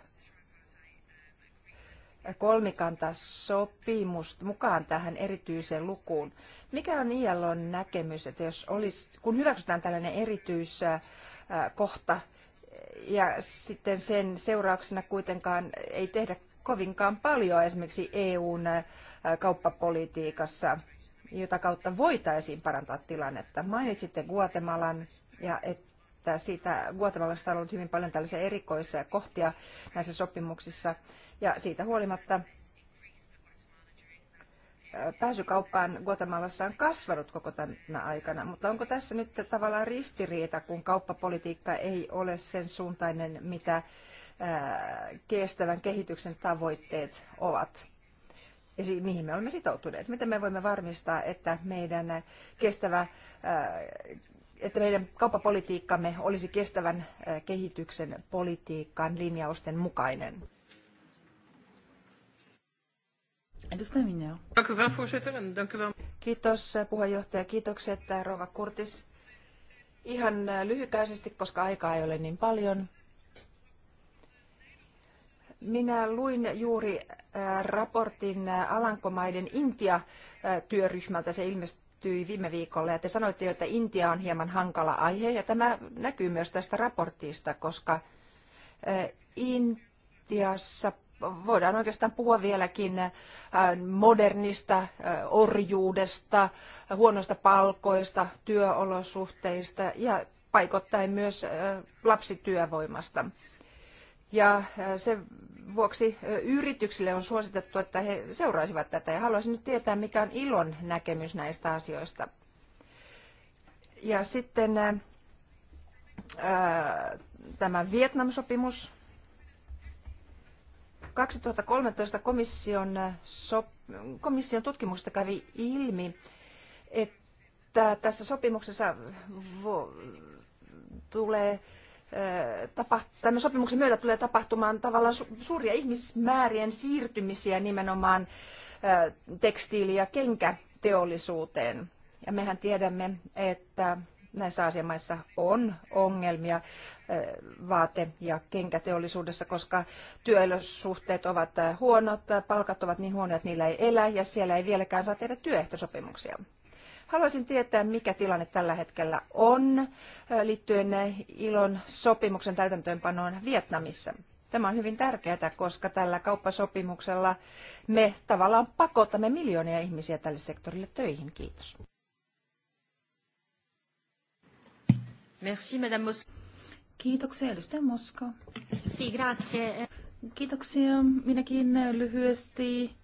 kolmikanta sopimus mukaan tähän erityiseen lukuun. Mikä on ILOn näkemys, että jos olisi, kun hyväksytään tällainen erityiskohta ja sitten sen seurauksena kuitenkaan ei tehdä kovinkaan paljon esimerkiksi EUn kauppapolitiikassa, jota kautta voitaisiin parantaa tilannetta. Mainitsitte Guatemalan ja että että siitä Guatemalasta on ollut hyvin paljon tällaisia erikoisia kohtia näissä sopimuksissa. Ja siitä huolimatta pääsykauppaan Guatemalassa on kasvanut koko tänä aikana, mutta onko tässä nyt tavallaan ristiriita, kun kauppapolitiikka ei ole sen suuntainen, mitä kestävän kehityksen tavoitteet ovat? ja mihin me olemme sitoutuneet. Miten me voimme varmistaa, että meidän kestävä että meidän kauppapolitiikkamme olisi kestävän kehityksen politiikan linjausten mukainen. Edustaja Minjo. Kiitos puheenjohtaja. Kiitokset Rova Kurtis. Ihan lyhykäisesti, koska aikaa ei ole niin paljon. Minä luin juuri raportin Alankomaiden Intia-työryhmältä. Se ilmestyi päättyi viime viikolla ja te sanoitte jo, että Intia on hieman hankala aihe ja tämä näkyy myös tästä raportista, koska Intiassa voidaan oikeastaan puhua vieläkin modernista orjuudesta, huonoista palkoista, työolosuhteista ja paikoittain myös lapsityövoimasta. Ja äh, sen vuoksi äh, yrityksille on suositettu, että he seuraisivat tätä. Ja haluaisin nyt tietää, mikä on Ilon näkemys näistä asioista. Ja sitten ää, äh, tämä Vietnam-sopimus. 2013 komission, sop, komission tutkimuksesta kävi ilmi, että tässä sopimuksessa vo, tulee tämän sopimuksen myötä tulee tapahtumaan tavallaan suuria ihmismäärien siirtymisiä nimenomaan tekstiili- ja kenkäteollisuuteen. Ja mehän tiedämme, että näissä asiamaissa on ongelmia vaate- ja kenkäteollisuudessa, koska työsuhteet ovat huonot, palkat ovat niin huonot, että niillä ei elä ja siellä ei vieläkään saa tehdä työehtosopimuksia. Haluaisin tietää, mikä tilanne tällä hetkellä on liittyen ilon sopimuksen täytäntöönpanoon Vietnamissa. Tämä on hyvin tärkeää, koska tällä kauppasopimuksella me tavallaan pakotamme miljoonia ihmisiä tälle sektorille töihin. Kiitos. Merci, Madame Mos- Kiitoksia, edustaja Moska. Si, grazie. Kiitoksia. Minäkin lyhyesti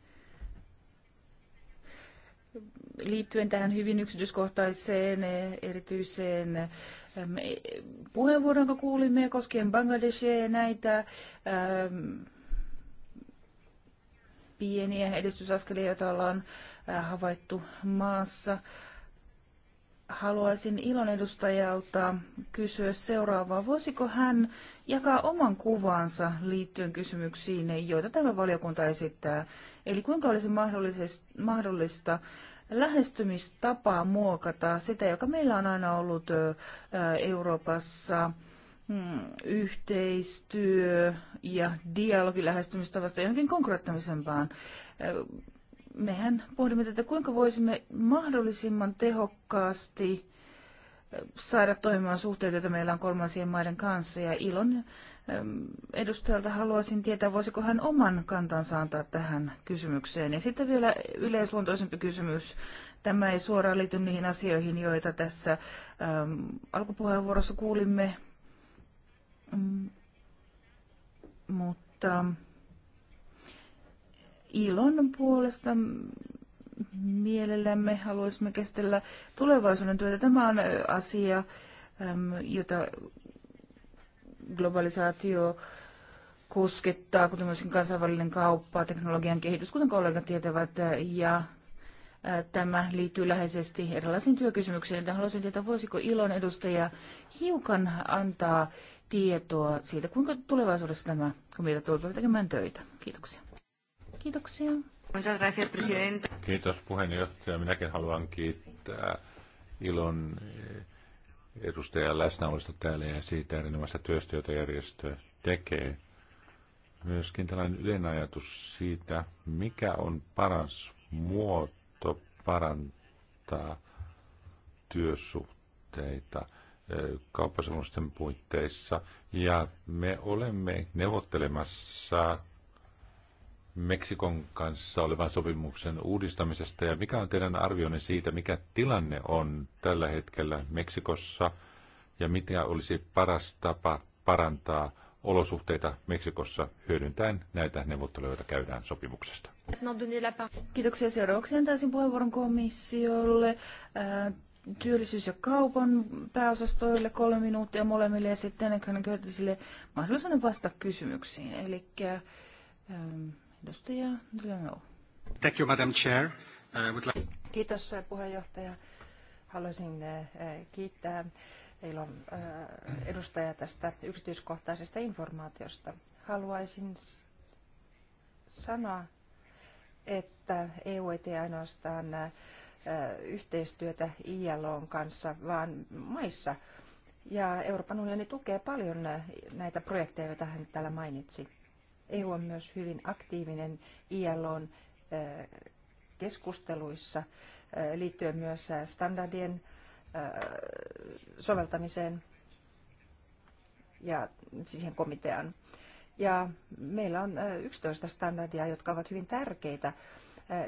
liittyen tähän hyvin yksityiskohtaiseen eh, erityiseen ehm, e, puheenvuoron, jonka kuulimme koskien Bangladeshia ja näitä ähm, pieniä edistysaskelia, joita ollaan eh, havaittu maassa. Haluaisin ilon edustajalta kysyä seuraavaa. Voisiko hän jakaa oman kuvansa liittyen kysymyksiin, joita tämä valiokunta esittää? Eli kuinka olisi mahdollista lähestymistapaa muokata sitä, joka meillä on aina ollut Euroopassa mm, yhteistyö ja dialogi lähestymistavasta johonkin konkreettisempaan. Mehän pohdimme tätä, kuinka voisimme mahdollisimman tehokkaasti saada toimimaan suhteita, joita meillä on kolmansien maiden kanssa. Ja ilon edustajalta haluaisin tietää, voisiko hän oman kantansa antaa tähän kysymykseen. Ja sitten vielä yleisluontoisempi kysymys. Tämä ei suoraan liity niihin asioihin, joita tässä äm, alkupuheenvuorossa kuulimme, mm, mutta ilon puolesta mielellämme haluaisimme käsitellä tulevaisuuden työtä. Tämä on asia, jota globalisaatio koskettaa, kuten myöskin kansainvälinen kauppa, teknologian kehitys, kuten kollegat tietävät, ja tämä liittyy läheisesti erilaisiin työkysymyksiin. Haluaisin tietää, voisiko Ilon edustaja hiukan antaa tietoa siitä, kuinka tulevaisuudessa tämä komitea tulee tekemään töitä. Kiitoksia. Kiitoksia. Kiitos puheenjohtaja. Minäkin haluan kiittää Ilon edustajan läsnäolosta täällä ja siitä erinomaista työstä, jota järjestö tekee. Myöskin tällainen yleinen ajatus siitä, mikä on paras muoto parantaa työsuhteita kauppasopimusten puitteissa. Ja me olemme neuvottelemassa Meksikon kanssa olevan sopimuksen uudistamisesta ja mikä on teidän arvionne siitä, mikä tilanne on tällä hetkellä Meksikossa ja mitä olisi paras tapa parantaa olosuhteita Meksikossa hyödyntäen näitä neuvotteluita käydään sopimuksesta. Kiitoksia seuraavaksi antaisin puheenvuoron komissiolle, työllisyys- ja kaupan pääosastoille kolme minuuttia molemmille ja sitten Köntisille mahdollisuuden vastata kysymyksiin. Eli ähm, Edustaja Delano. Thank you, Madam Chair. Like... Kiitos eh, puheenjohtaja. Haluaisin eh, eh, kiittää Eilon edustaja tästä yksityiskohtaisesta informaatiosta. Haluaisin sanoa, että EU ei tee ainoastaan yhteistyötä ILOn kanssa, vaan maissa. Ja Euroopan unioni tukee paljon näitä projekteja, joita hän täällä mainitsi. EU on myös hyvin aktiivinen ILOn keskusteluissa liittyen myös standardien soveltamiseen ja siihen komiteaan. Ja meillä on 11 standardia, jotka ovat hyvin tärkeitä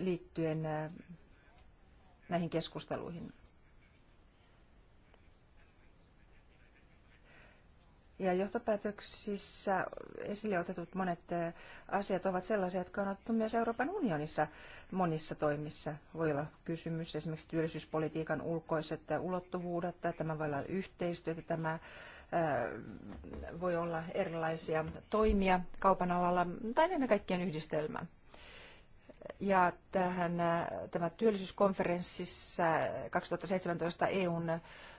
liittyen näihin keskusteluihin. Ja johtopäätöksissä esille otetut monet eh, asiat ovat sellaisia, jotka on otettu myös Euroopan unionissa monissa toimissa. Voi olla kysymys esimerkiksi työllisyyspolitiikan ulkoiset eh, ulottuvuudet, tämä voi olla yhteistyötä, tämä eh, voi olla erilaisia toimia kaupan alalla tai ennen kaikkien yhdistelmä. Ja tähän, äh, tämä työllisyyskonferenssissa 2017 EUn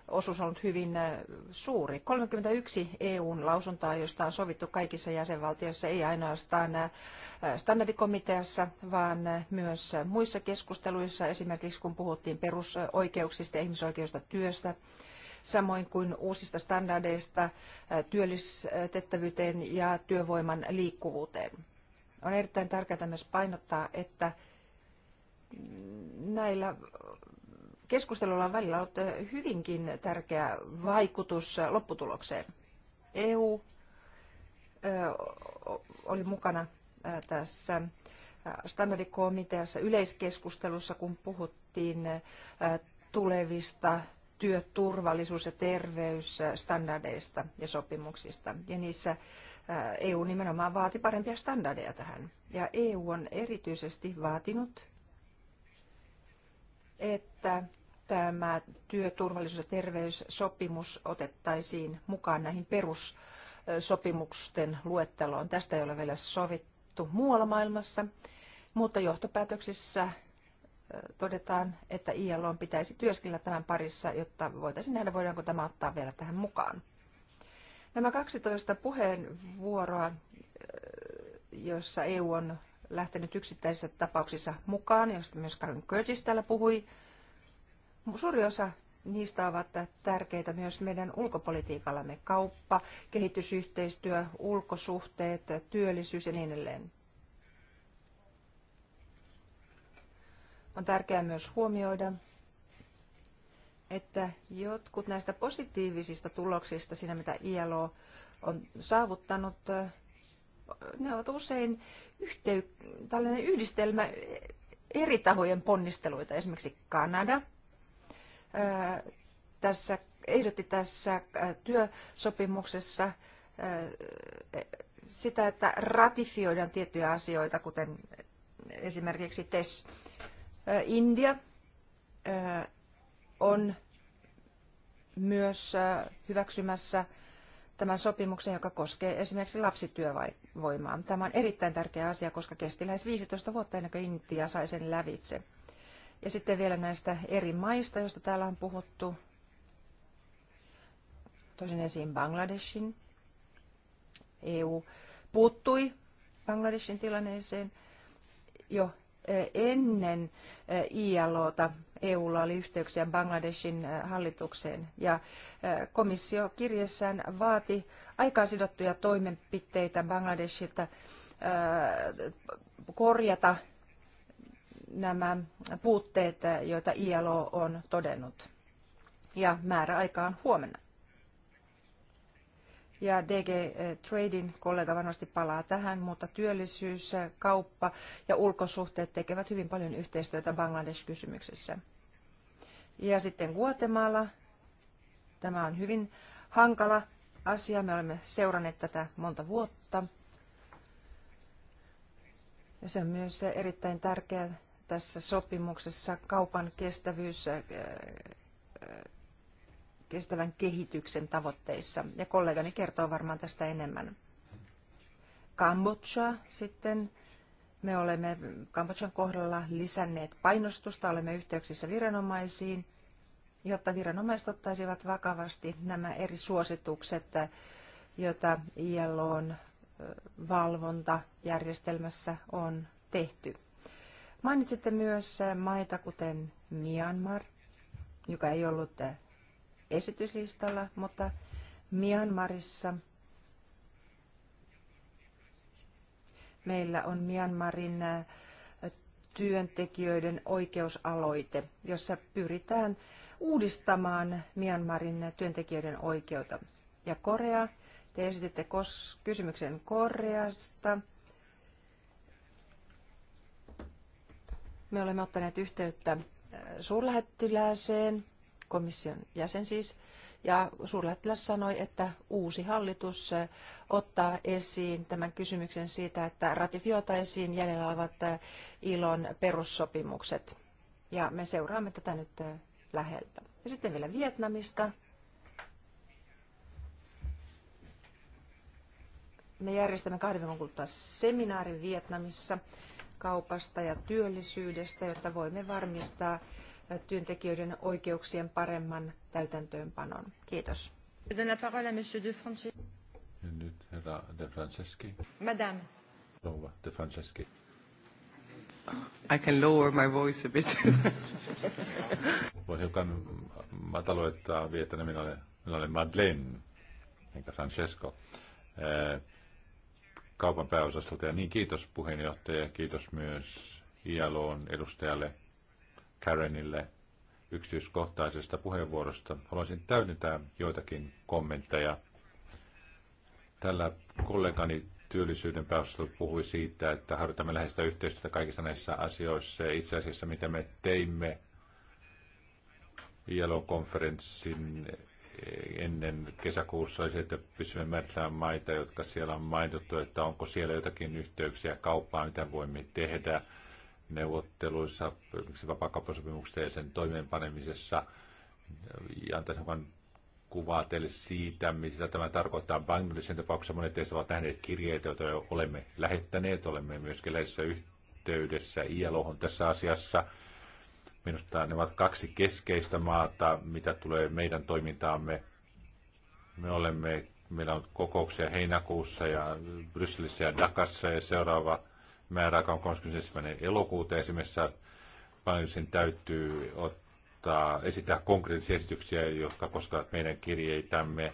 osuus on ollut hyvin äh, suuri. 31 EUn lausuntaa, josta on sovittu kaikissa jäsenvaltioissa, ei ainoastaan äh, standardikomiteassa, vaan myös muissa keskusteluissa, esimerkiksi kun puhuttiin perusoikeuksista ja ihmisoikeuksista työstä, samoin kuin uusista standardeista työllistettävyyteen ja työvoiman liikkuvuuteen on erittäin tärkeää myös painottaa, että näillä keskusteluilla on välillä ollut hyvinkin tärkeä vaikutus lopputulokseen. EU oli mukana tässä standardikomiteassa yleiskeskustelussa, kun puhuttiin tulevista työturvallisuus- ja terveysstandardeista ja sopimuksista. Ja niissä Äh, EU nimenomaan vaati parempia standardeja tähän. Ja EU on erityisesti vaatinut, että tämä työturvallisuus- ja terveyssopimus otettaisiin mukaan näihin perussopimusten luetteloon. Tästä ei ole vielä sovittu muualla maailmassa, mutta johtopäätöksissä äh, todetaan, että ILO pitäisi työskennellä tämän parissa, jotta voitaisiin nähdä, voidaanko tämä ottaa vielä tähän mukaan. Nämä 12 puheenvuoroa, äh, joissa EU on lähtenyt yksittäisissä tapauksissa mukaan, josta myös Karin Curtis täällä puhui, suuri osa niistä ovat tärkeitä myös meidän ulkopolitiikallamme. Kauppa, kehitysyhteistyö, ulkosuhteet, työllisyys ja niin edelleen. On tärkeää myös huomioida, että jotkut näistä positiivisista tuloksista siinä, mitä ILO on saavuttanut, ne ovat usein yhtey- tällainen yhdistelmä eri tahojen ponnisteluita. Esimerkiksi Kanada tässä, ehdotti tässä työsopimuksessa sitä, että ratifioidaan tiettyjä asioita, kuten esimerkiksi TES. India on myös äh, hyväksymässä tämän sopimuksen, joka koskee esimerkiksi lapsityövoimaa. Tämä on erittäin tärkeä asia, koska kesti lähes 15 vuotta ennen kuin Intia sai sen lävitse. Ja sitten vielä näistä eri maista, joista täällä on puhuttu. Tosin esiin Bangladeshin. EU puuttui Bangladeshin tilanneeseen jo äh, ennen äh, ILOta EUlla oli yhteyksiä Bangladeshin äh, hallitukseen ja äh, komissio kirjessään vaati aikaa sidottuja toimenpiteitä Bangladeshilta äh, korjata nämä puutteet, joita ILO on todennut. Ja määräaika on huomenna ja DG eh, Tradin kollega varmasti palaa tähän, mutta työllisyys, eh, kauppa ja ulkosuhteet tekevät hyvin paljon yhteistyötä Bangladesh-kysymyksessä. Ja sitten Guatemala. Tämä on hyvin hankala asia. Me olemme seuranneet tätä monta vuotta. Ja se on myös erittäin tärkeää tässä sopimuksessa kaupan kestävyys eh, kestävän kehityksen tavoitteissa. Ja kollegani kertoo varmaan tästä enemmän. Kambodža sitten. Me olemme Kambodžan kohdalla lisänneet painostusta, olemme yhteyksissä viranomaisiin, jotta viranomaiset ottaisivat vakavasti nämä eri suositukset, joita ILOn valvontajärjestelmässä on tehty. Mainitsitte myös maita kuten Myanmar, joka ei ollut esityslistalla, mutta Myanmarissa meillä on Myanmarin äh, työntekijöiden oikeusaloite, jossa pyritään uudistamaan Myanmarin työntekijöiden oikeutta. Ja Korea, te esititte kysymyksen Koreasta. Me olemme ottaneet yhteyttä äh, suurlähettilääseen komission jäsen siis, ja suurlähettiläs sanoi, että uusi hallitus ottaa esiin tämän kysymyksen siitä, että ratifioitaisiin jäljellä olevat ilon perussopimukset. Ja me seuraamme tätä nyt läheltä. Ja sitten vielä Vietnamista. Me järjestämme kahden viikon kuluttua seminaarin Vietnamissa kaupasta ja työllisyydestä, jotta voimme varmistaa työntekijöiden oikeuksien paremman täytäntöönpanon. Kiitos. Nyt herra De Franceschi. Madame. Rouva De Franceschi. I can lower my voice a bit. [LAUGHS] Voi hiukan mataloittaa viettänä, minä olen, minä olen Madeleine, enkä Francesco. Eh, kaupan pääosastolta ja niin kiitos puheenjohtaja, kiitos myös ILOn edustajalle Karenille yksityiskohtaisesta puheenvuorosta. Haluaisin täydentää joitakin kommentteja. Tällä kollegani työllisyyden päässä puhui siitä, että harjoitamme läheistä yhteistyötä kaikissa näissä asioissa. Ja itse asiassa mitä me teimme ILO-konferenssin ennen kesäkuussa oli se, että pystymme määrittämään maita, jotka siellä on mainittu, että onko siellä jotakin yhteyksiä kauppaan, mitä voimme tehdä neuvotteluissa, esimerkiksi vapaakauppasopimuksesta ja sen toimeenpanemisessa, ja antaisin vain kuvaa teille siitä, mitä tämä tarkoittaa. Bangladesin tapauksessa monet teistä ovat nähneet kirjeitä, joita olemme lähettäneet. Olemme myöskin läheisessä yhteydessä ILOhon tässä asiassa. Minusta ne ovat kaksi keskeistä maata, mitä tulee meidän toimintaamme. Me olemme, meillä on kokouksia heinäkuussa ja Brysselissä ja Dakassa ja seuraava määräaika on 31. elokuuta. Esimerkiksi paneelisen täytyy ottaa, esittää konkreettisia esityksiä, jotka koskevat meidän kirjeitämme.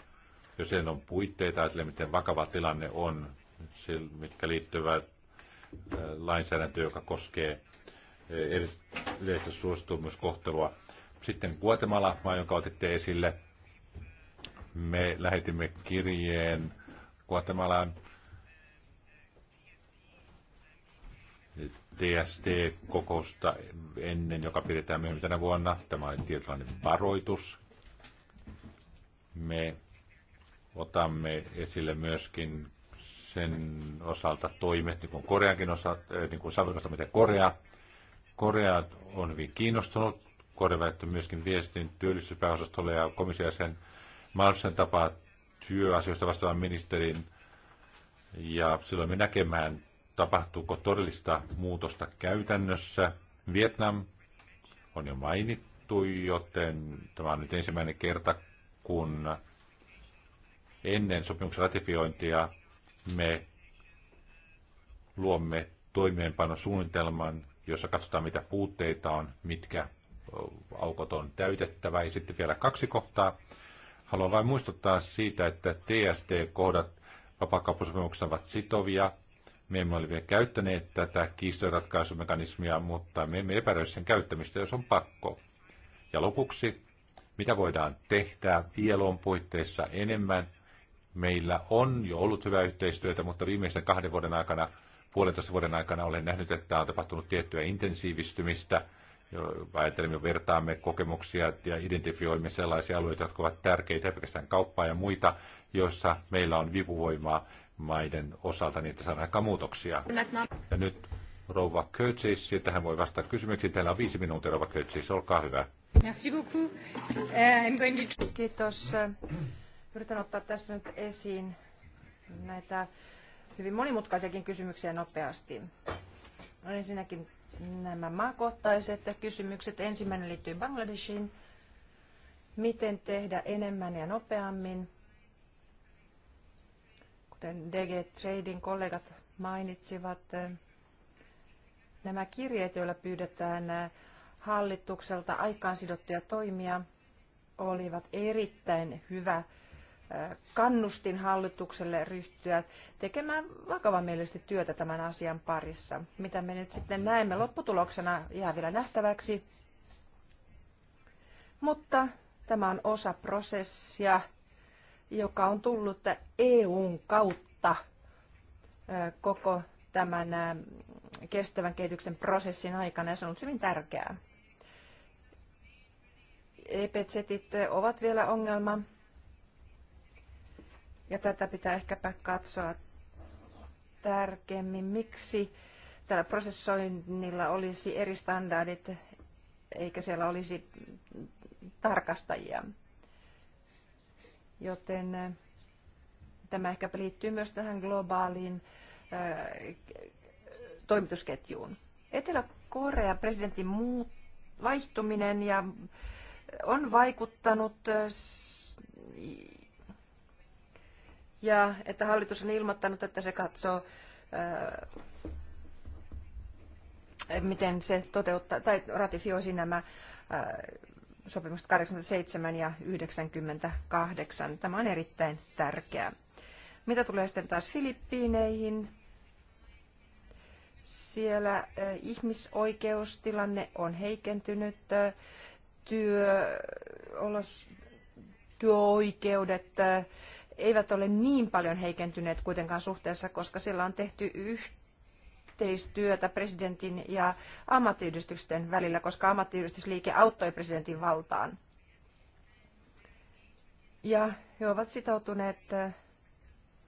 Jos sen on puitteita, ajattelee, miten vakava tilanne on, mitkä liittyvät äh, lainsäädäntöön, joka koskee yleistä äh, suostumuskohtelua. Sitten Guatemala, jonka otitte esille, me lähetimme kirjeen Guatemalan tst kokousta ennen, joka pidetään myöhemmin tänä vuonna. Tämä oli tietynlainen varoitus. Me otamme esille myöskin sen osalta toimet, niin kuin Koreankin osa, eh, niin kuin Savikosta, mitä Korea. Korea on hyvin kiinnostunut. Korea välittää myöskin viestin työllisyyspääosastolle ja komissiaisen mahdollisen tapaa työasioista vastaavan ministerin. Ja silloin me näkemään tapahtuuko todellista muutosta käytännössä. Vietnam on jo mainittu, joten tämä on nyt ensimmäinen kerta, kun ennen sopimuksen ratifiointia me luomme toimeenpanosuunnitelman, jossa katsotaan mitä puutteita on, mitkä aukot on täytettävä. Ja sitten vielä kaksi kohtaa. Haluan vain muistuttaa siitä, että TST-kohdat vapaakauppasopimuksessa ovat sitovia me emme ole vielä käyttäneet tätä kiistojenratkaisumekanismia, mutta me emme epäröi sen käyttämistä, jos on pakko. Ja lopuksi, mitä voidaan tehdä ILOn puitteissa enemmän? Meillä on jo ollut hyvää yhteistyötä, mutta viimeisen kahden vuoden aikana, puolentoista vuoden aikana olen nähnyt, että on tapahtunut tiettyä intensiivistymistä. Ajattelemme, vertaamme kokemuksia ja identifioimme sellaisia alueita, jotka ovat tärkeitä, pelkästään kauppaa ja muita, joissa meillä on vipuvoimaa maiden osalta, niin että saadaan aikaan muutoksia. Ja nyt rouva Kötsis, tähän voi vastata kysymyksiin. Täällä on viisi minuuttia, rouva Kötsis, olkaa hyvä. Merci beaucoup. Eh, Kiitos. Yritän ottaa tässä nyt esiin näitä hyvin monimutkaisiakin kysymyksiä nopeasti. No ensinnäkin nämä maakohtaiset kysymykset. Ensimmäinen liittyy Bangladeshiin. Miten tehdä enemmän ja nopeammin? kuten DG Trading kollegat mainitsivat, nämä kirjeet, joilla pyydetään hallitukselta aikaan sidottuja toimia, olivat erittäin hyvä kannustin hallitukselle ryhtyä tekemään vakavamielisesti työtä tämän asian parissa. Mitä me nyt sitten näemme lopputuloksena jää vielä nähtäväksi. Mutta tämä on osa prosessia, joka on tullut EUn kautta koko tämän kestävän kehityksen prosessin aikana ja se on ollut hyvin tärkeää. EPZit ovat vielä ongelma ja tätä pitää ehkäpä katsoa tarkemmin, miksi tällä prosessoinnilla olisi eri standardit eikä siellä olisi tarkastajia. Joten tämä ehkä liittyy myös tähän globaaliin toimitusketjuun. Etelä-Korean presidentin muut, vaihtuminen ja on vaikuttanut ja että hallitus on ilmoittanut, että se katsoo, miten se toteuttaa tai ratifioi nämä sopimukset 87 ja 98. Tämä on erittäin tärkeää. Mitä tulee sitten taas Filippiineihin? Siellä ihmisoikeustilanne on heikentynyt, työolos, työoikeudet eivät ole niin paljon heikentyneet kuitenkaan suhteessa, koska siellä on tehty yhteistyötä yhteistyötä presidentin ja ammattiyhdistysten välillä, koska ammattiyhdistysliike auttoi presidentin valtaan. Ja he ovat sitoutuneet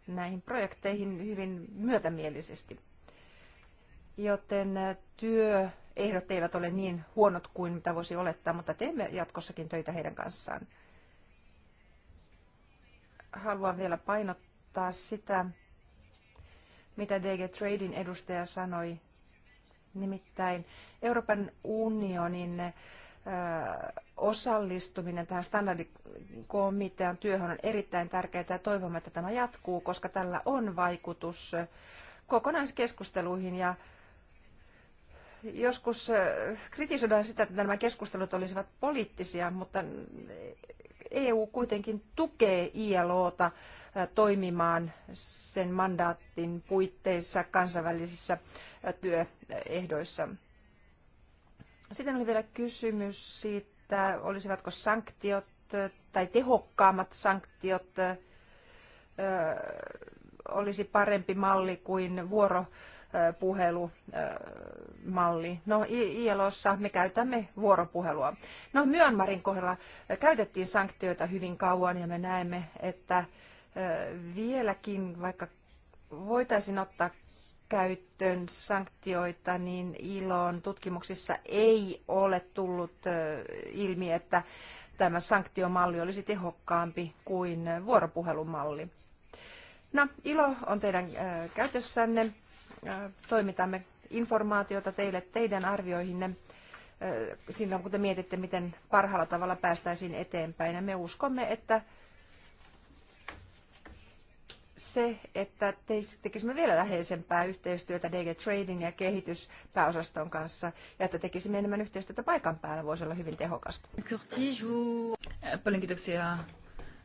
näihin projekteihin hyvin myötämielisesti. Joten työehdot eivät ole niin huonot kuin mitä voisi olettaa, mutta teemme jatkossakin töitä heidän kanssaan. Haluan vielä painottaa sitä, mitä DG Tradin edustaja sanoi. Nimittäin Euroopan unionin osallistuminen tähän standardikomitean työhön on erittäin tärkeää ja toivomme, että tämä jatkuu, koska tällä on vaikutus kokonaiskeskusteluihin ja joskus kritisoidaan sitä, että nämä keskustelut olisivat poliittisia, mutta EU kuitenkin tukee ILOta toimimaan sen mandaattin puitteissa kansainvälisissä työehdoissa. Sitten oli vielä kysymys siitä, olisivatko sanktiot tai tehokkaammat sanktiot olisi parempi malli kuin vuoro Puhelumalli. No ILOssa me käytämme vuoropuhelua. No Myönmarin kohdalla käytettiin sanktioita hyvin kauan ja me näemme, että vieläkin vaikka voitaisiin ottaa käyttöön sanktioita, niin ILOn tutkimuksissa ei ole tullut ilmi, että tämä sanktiomalli olisi tehokkaampi kuin vuoropuhelumalli. No, ILO on teidän käytössänne toimitamme informaatiota teille teidän arvioihinne silloin, kun te mietitte, miten parhaalla tavalla päästäisiin eteenpäin. Ja me uskomme, että se, että tekisimme vielä läheisempää yhteistyötä DG Trading ja kehityspääosaston kanssa ja että tekisimme enemmän yhteistyötä paikan päällä voisi olla hyvin tehokasta. Paljon kiitoksia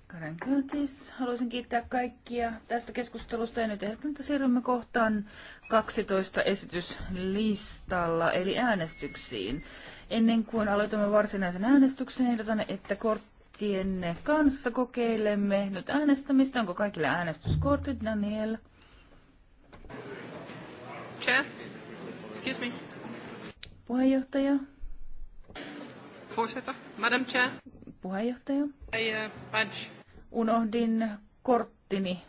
Karen Kyntis. Haluaisin kiittää kaikkia tästä keskustelusta ja nyt ehkä siirrymme kohtaan 12 esityslistalla eli äänestyksiin. Ennen kuin aloitamme varsinaisen äänestyksen, ehdotan, että korttienne kanssa kokeilemme nyt äänestämistä. Onko kaikilla äänestyskortit, Daniel? Chair, excuse me. Puheenjohtaja. Voorzitter, Madam Chair. Puheenjohtaja. I, uh, badge unohdin korttini.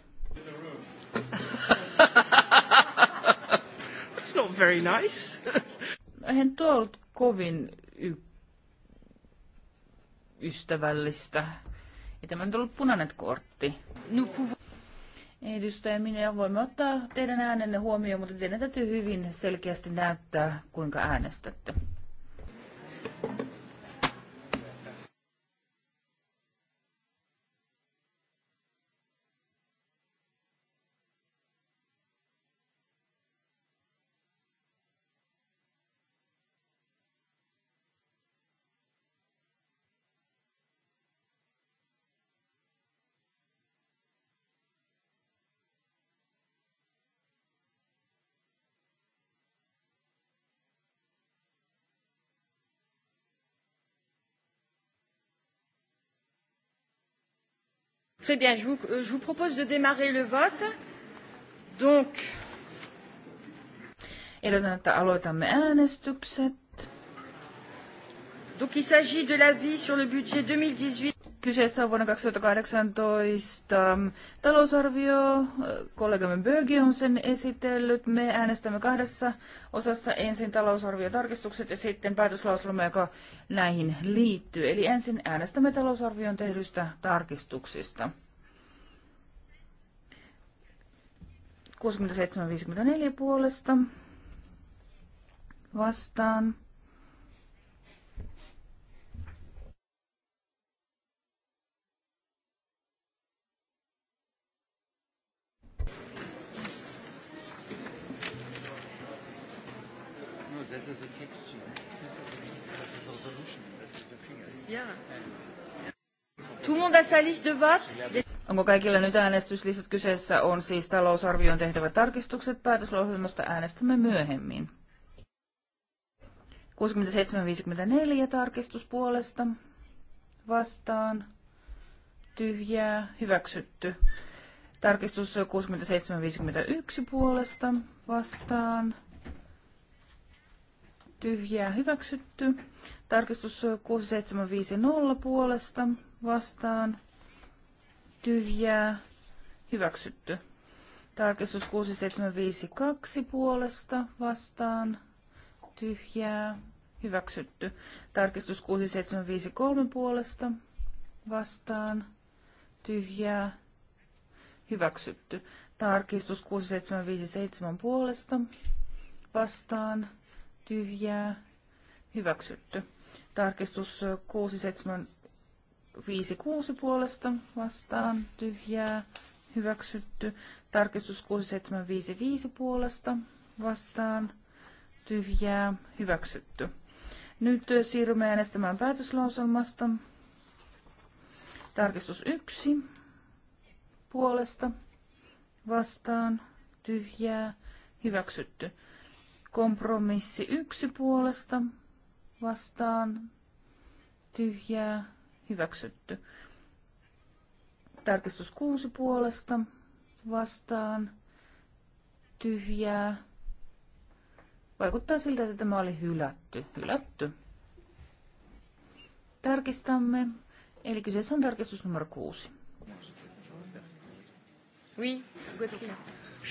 [LAUGHS] That's not very nice. Eihän tuo ollut kovin y- ystävällistä. Ja tämä on tullut punainen kortti. Edustaja minä voimme ottaa teidän äänenne huomioon, mutta teidän täytyy hyvin selkeästi näyttää, kuinka äänestätte. Très bien, je vous, euh, je vous propose de démarrer le vote. Donc... Ehdotan, että aloitamme äänestykset. Donc il s'agit de l'avis sur le budget 2018. Kyseessä on vuonna 2018 talousarvio. Kollegamme Bögi on sen esitellyt. Me äänestämme kahdessa osassa ensin talousarviotarkistukset ja sitten päätöslauselma, joka näihin liittyy. Eli ensin äänestämme talousarvion tehdyistä tarkistuksista. 67.54 puolesta vastaan. that is a texture. This is a, that is resolution. That is a finger. Yeah. Onko kaikilla nyt äänestyslistat kyseessä? On siis talousarvioon tehtävät tarkistukset. Päätöslohjelmasta äänestämme myöhemmin. 67.54 tarkistus puolesta. Vastaan. Tyhjää. Hyväksytty. Tarkistus 67.51 puolesta. Vastaan tyhjää hyväksytty. Tarkistus 6750 puolesta vastaan tyhjää hyväksytty. Tarkistus 6752 puolesta vastaan tyhjää hyväksytty. Tarkistus 6753 puolesta vastaan tyhjää hyväksytty. Tarkistus 6757 puolesta vastaan tyhjää, hyväksytty. Tarkistus 6756 puolesta vastaan, tyhjää, hyväksytty. Tarkistus 6755 puolesta vastaan, tyhjää, hyväksytty. Nyt siirrymme äänestämään päätöslauselmasta. Tarkistus 1 puolesta vastaan, tyhjää, hyväksytty. Kompromissi yksi puolesta vastaan tyhjää hyväksytty. Tarkistus kuusi puolesta vastaan tyhjää. Vaikuttaa siltä, että tämä oli hylätty. Hylätty. Tarkistamme. Eli kyseessä on tarkistus numero kuusi. Oui, Gauthier.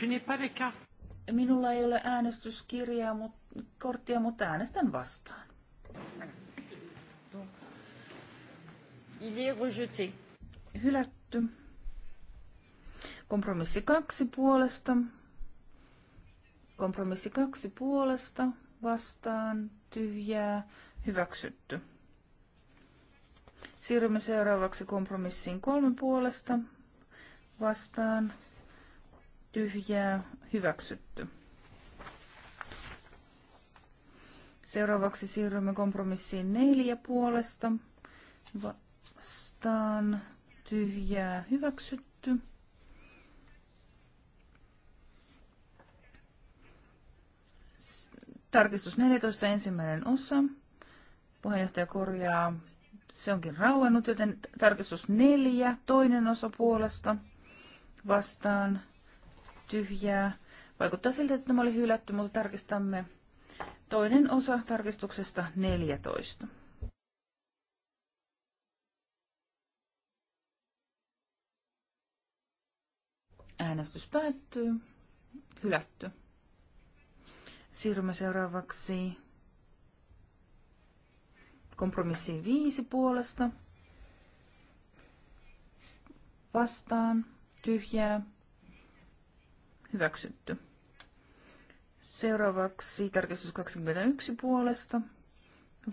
Je n'ai pas les cartes. Minulla ei ole äänestyskirjaa, mut, korttia, mutta äänestän vastaan. Il est Hylätty. Kompromissi kaksi puolesta. Kompromissi kaksi puolesta. Vastaan. Tyhjää. Hyväksytty. Siirrymme seuraavaksi kompromissiin kolme puolesta. Vastaan tyhjää hyväksytty. Seuraavaksi siirrymme kompromissiin neljä puolesta. Vastaan tyhjää hyväksytty. Tarkistus 14, ensimmäinen osa. Puheenjohtaja korjaa, se onkin rauennut, joten tarkistus 4, toinen osa puolesta vastaan tyhjää. Vaikuttaa siltä, että tämä oli hylätty, mutta tarkistamme toinen osa tarkistuksesta 14. Äänestys päättyy. Hylätty. Siirrymme seuraavaksi kompromissiin viisi puolesta. Vastaan. Tyhjää Hyväksytty. Seuraavaksi tarkistus 21 puolesta.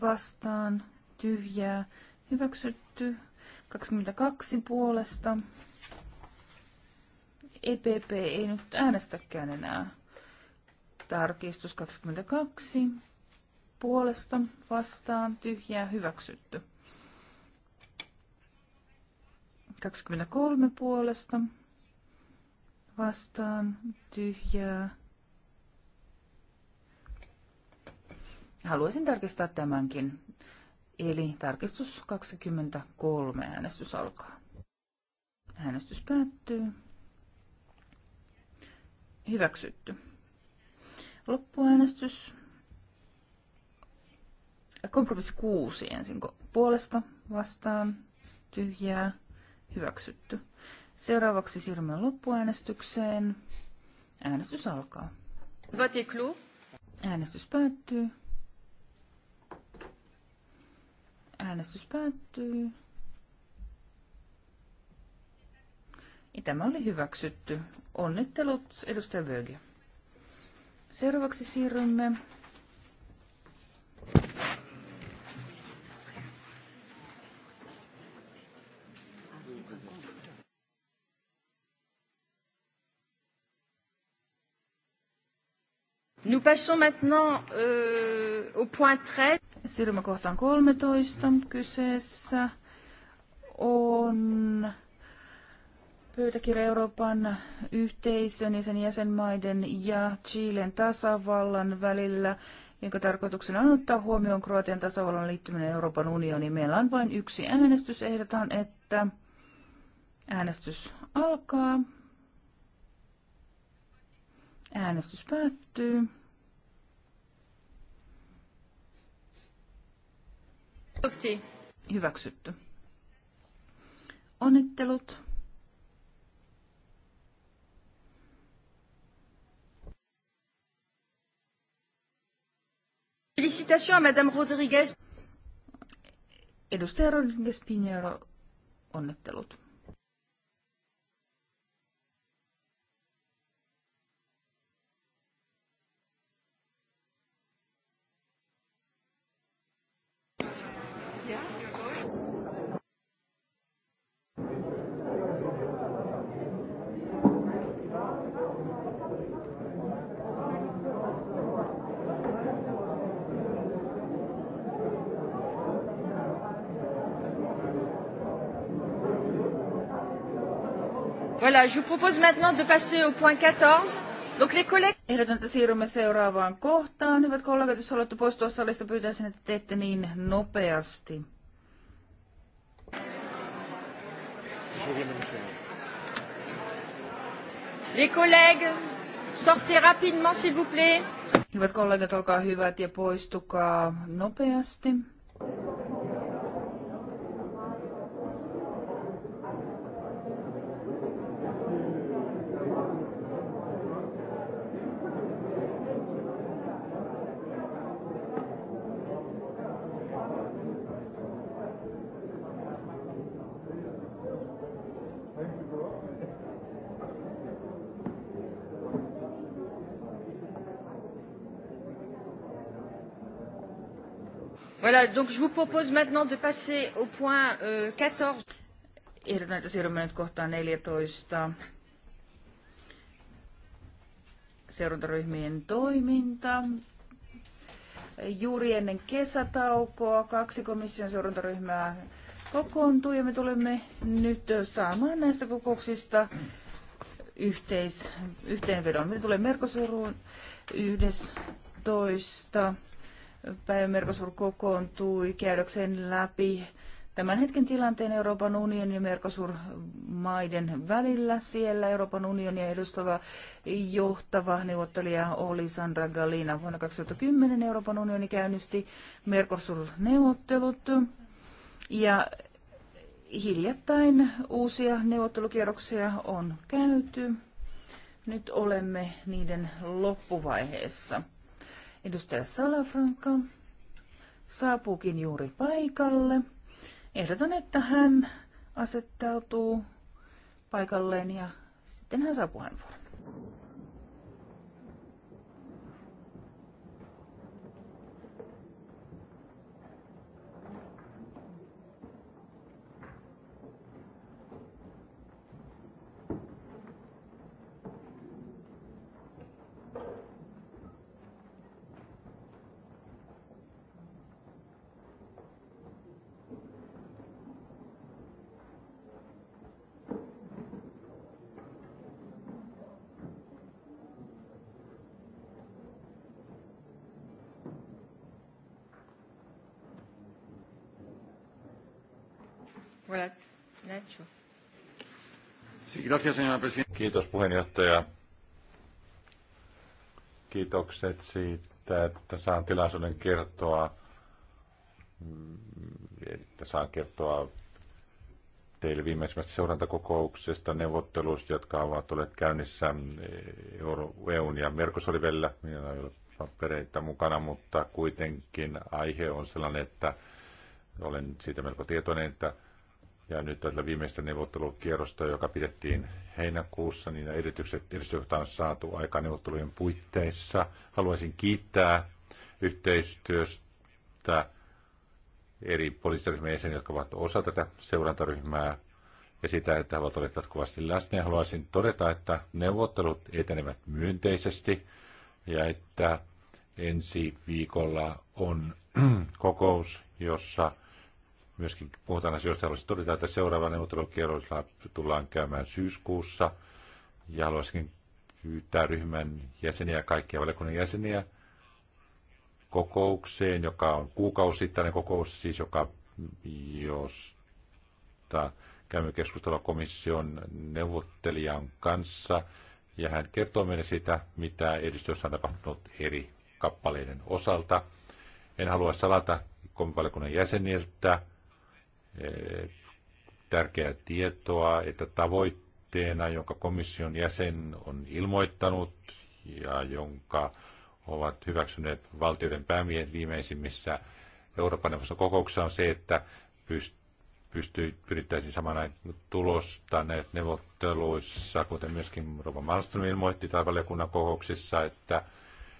Vastaan. Tyhjää. Hyväksytty. 22 puolesta. EPP ei nyt äänestäkään enää. Tarkistus 22 puolesta vastaan tyhjää hyväksytty. 23 puolesta vastaan tyhjää. Haluaisin tarkistaa tämänkin. Eli tarkistus 23. Äänestys alkaa. Äänestys päättyy. Hyväksytty. Loppuäänestys. Kompromissi 6 ensin. Puolesta vastaan tyhjää. Hyväksytty. Seuraavaksi siirrymme loppuäänestykseen. Äänestys alkaa. Vatiklu. Äänestys päättyy. Äänestys päättyy. Ja tämä oli hyväksytty. Onnittelut, edustaja Vöge. Seuraavaksi siirrymme passons maintenant euh, au point 13. Siirrymme kohtaan 13. Kyseessä on pöytäkirja Euroopan yhteisön ja sen jäsenmaiden ja Chilen tasavallan välillä, jonka tarkoituksena on ottaa huomioon Kroatian tasavallan liittyminen Euroopan unioniin. Meillä on vain yksi äänestys. Ehdotan, että äänestys alkaa. Äänestys päättyy. Hyväksytty. Onnittelut. Félicitations Madame Rodriguez. Edustaja Rodriguez Pinheiro, onnittelut. Voilà, je vous propose maintenant de passer au point 14. Donc les collègues... Ehdotan, että siirrymme seuraavaan kohtaan. Hyvät kollegat, jos haluatte poistua salista, pyytäisin, että teette niin nopeasti. Les collègues, sortez rapidement s'il vous plaît. Hyvät kollegat, olkaa hyvät ja poistukaa nopeasti. je vous propose maintenant de passer au point euh, 14. Ehdotan, että siirrymme nyt kohtaan 14. Seurantaryhmien toiminta. Juuri ennen kesätaukoa kaksi komission seurantaryhmää kokoontui ja me tulemme nyt saamaan näistä kokouksista yhteis, yhteenvedon. Me tulee Merkosuruun 11 päivä Mercosur kokoontui käydäkseen läpi tämän hetken tilanteen Euroopan unionin ja Mercosur-maiden välillä. Siellä Euroopan unionia edustava johtava neuvottelija oli Sandra Galina. Vuonna 2010 Euroopan unioni käynnisti Mercosur-neuvottelut ja hiljattain uusia neuvottelukierroksia on käyty. Nyt olemme niiden loppuvaiheessa. Edustaja Salafranca saapuukin juuri paikalle. Ehdotan, että hän asettautuu paikalleen ja sitten hän saa puheenvuoron. Kiitos puheenjohtaja. Kiitokset siitä, että saan tilaisuuden kertoa, että saan kertoa teille viimeisimmästä seurantakokouksesta neuvotteluista, jotka ovat olleet käynnissä EUn ja Mercosurin välillä. Minä ei ole papereita mukana, mutta kuitenkin aihe on sellainen, että olen siitä melko tietoinen, että ja nyt tällä viimeistä neuvottelukierrosta, joka pidettiin heinäkuussa, niin edellytykset, edellytykset on saatu aikaan neuvottelujen puitteissa. Haluaisin kiittää yhteistyöstä eri poliisiryhmien jäseniä, jotka ovat osa tätä seurantaryhmää ja sitä, että he ovat olleet jatkuvasti läsnä. haluaisin todeta, että neuvottelut etenevät myönteisesti ja että ensi viikolla on [CLEARS THROAT] kokous, jossa myöskin puhutaan asioista, haluaisin todeta, että seuraava neuvottelukierrosla tullaan käymään syyskuussa. Ja haluaisin pyytää ryhmän jäseniä, kaikkia valiokunnan jäseniä kokoukseen, joka on kuukausittainen kokous, siis joka, josta käymme keskustelua komission neuvottelijan kanssa. Ja hän kertoo meille siitä, mitä edistyössä on tapahtunut eri kappaleiden osalta. En halua salata valiokunnan jäseniltä Eh, tärkeää tietoa, että tavoitteena, jonka komission jäsen on ilmoittanut ja jonka ovat hyväksyneet valtioiden päämiehet viimeisimmissä Euroopan neuvoston kokouksissa on se, että pystyy, pyrittäisiin samana tulosta näitä neuvotteluissa, kuten myöskin Rova Malmström ilmoitti tai valiokunnan kokouksissa, että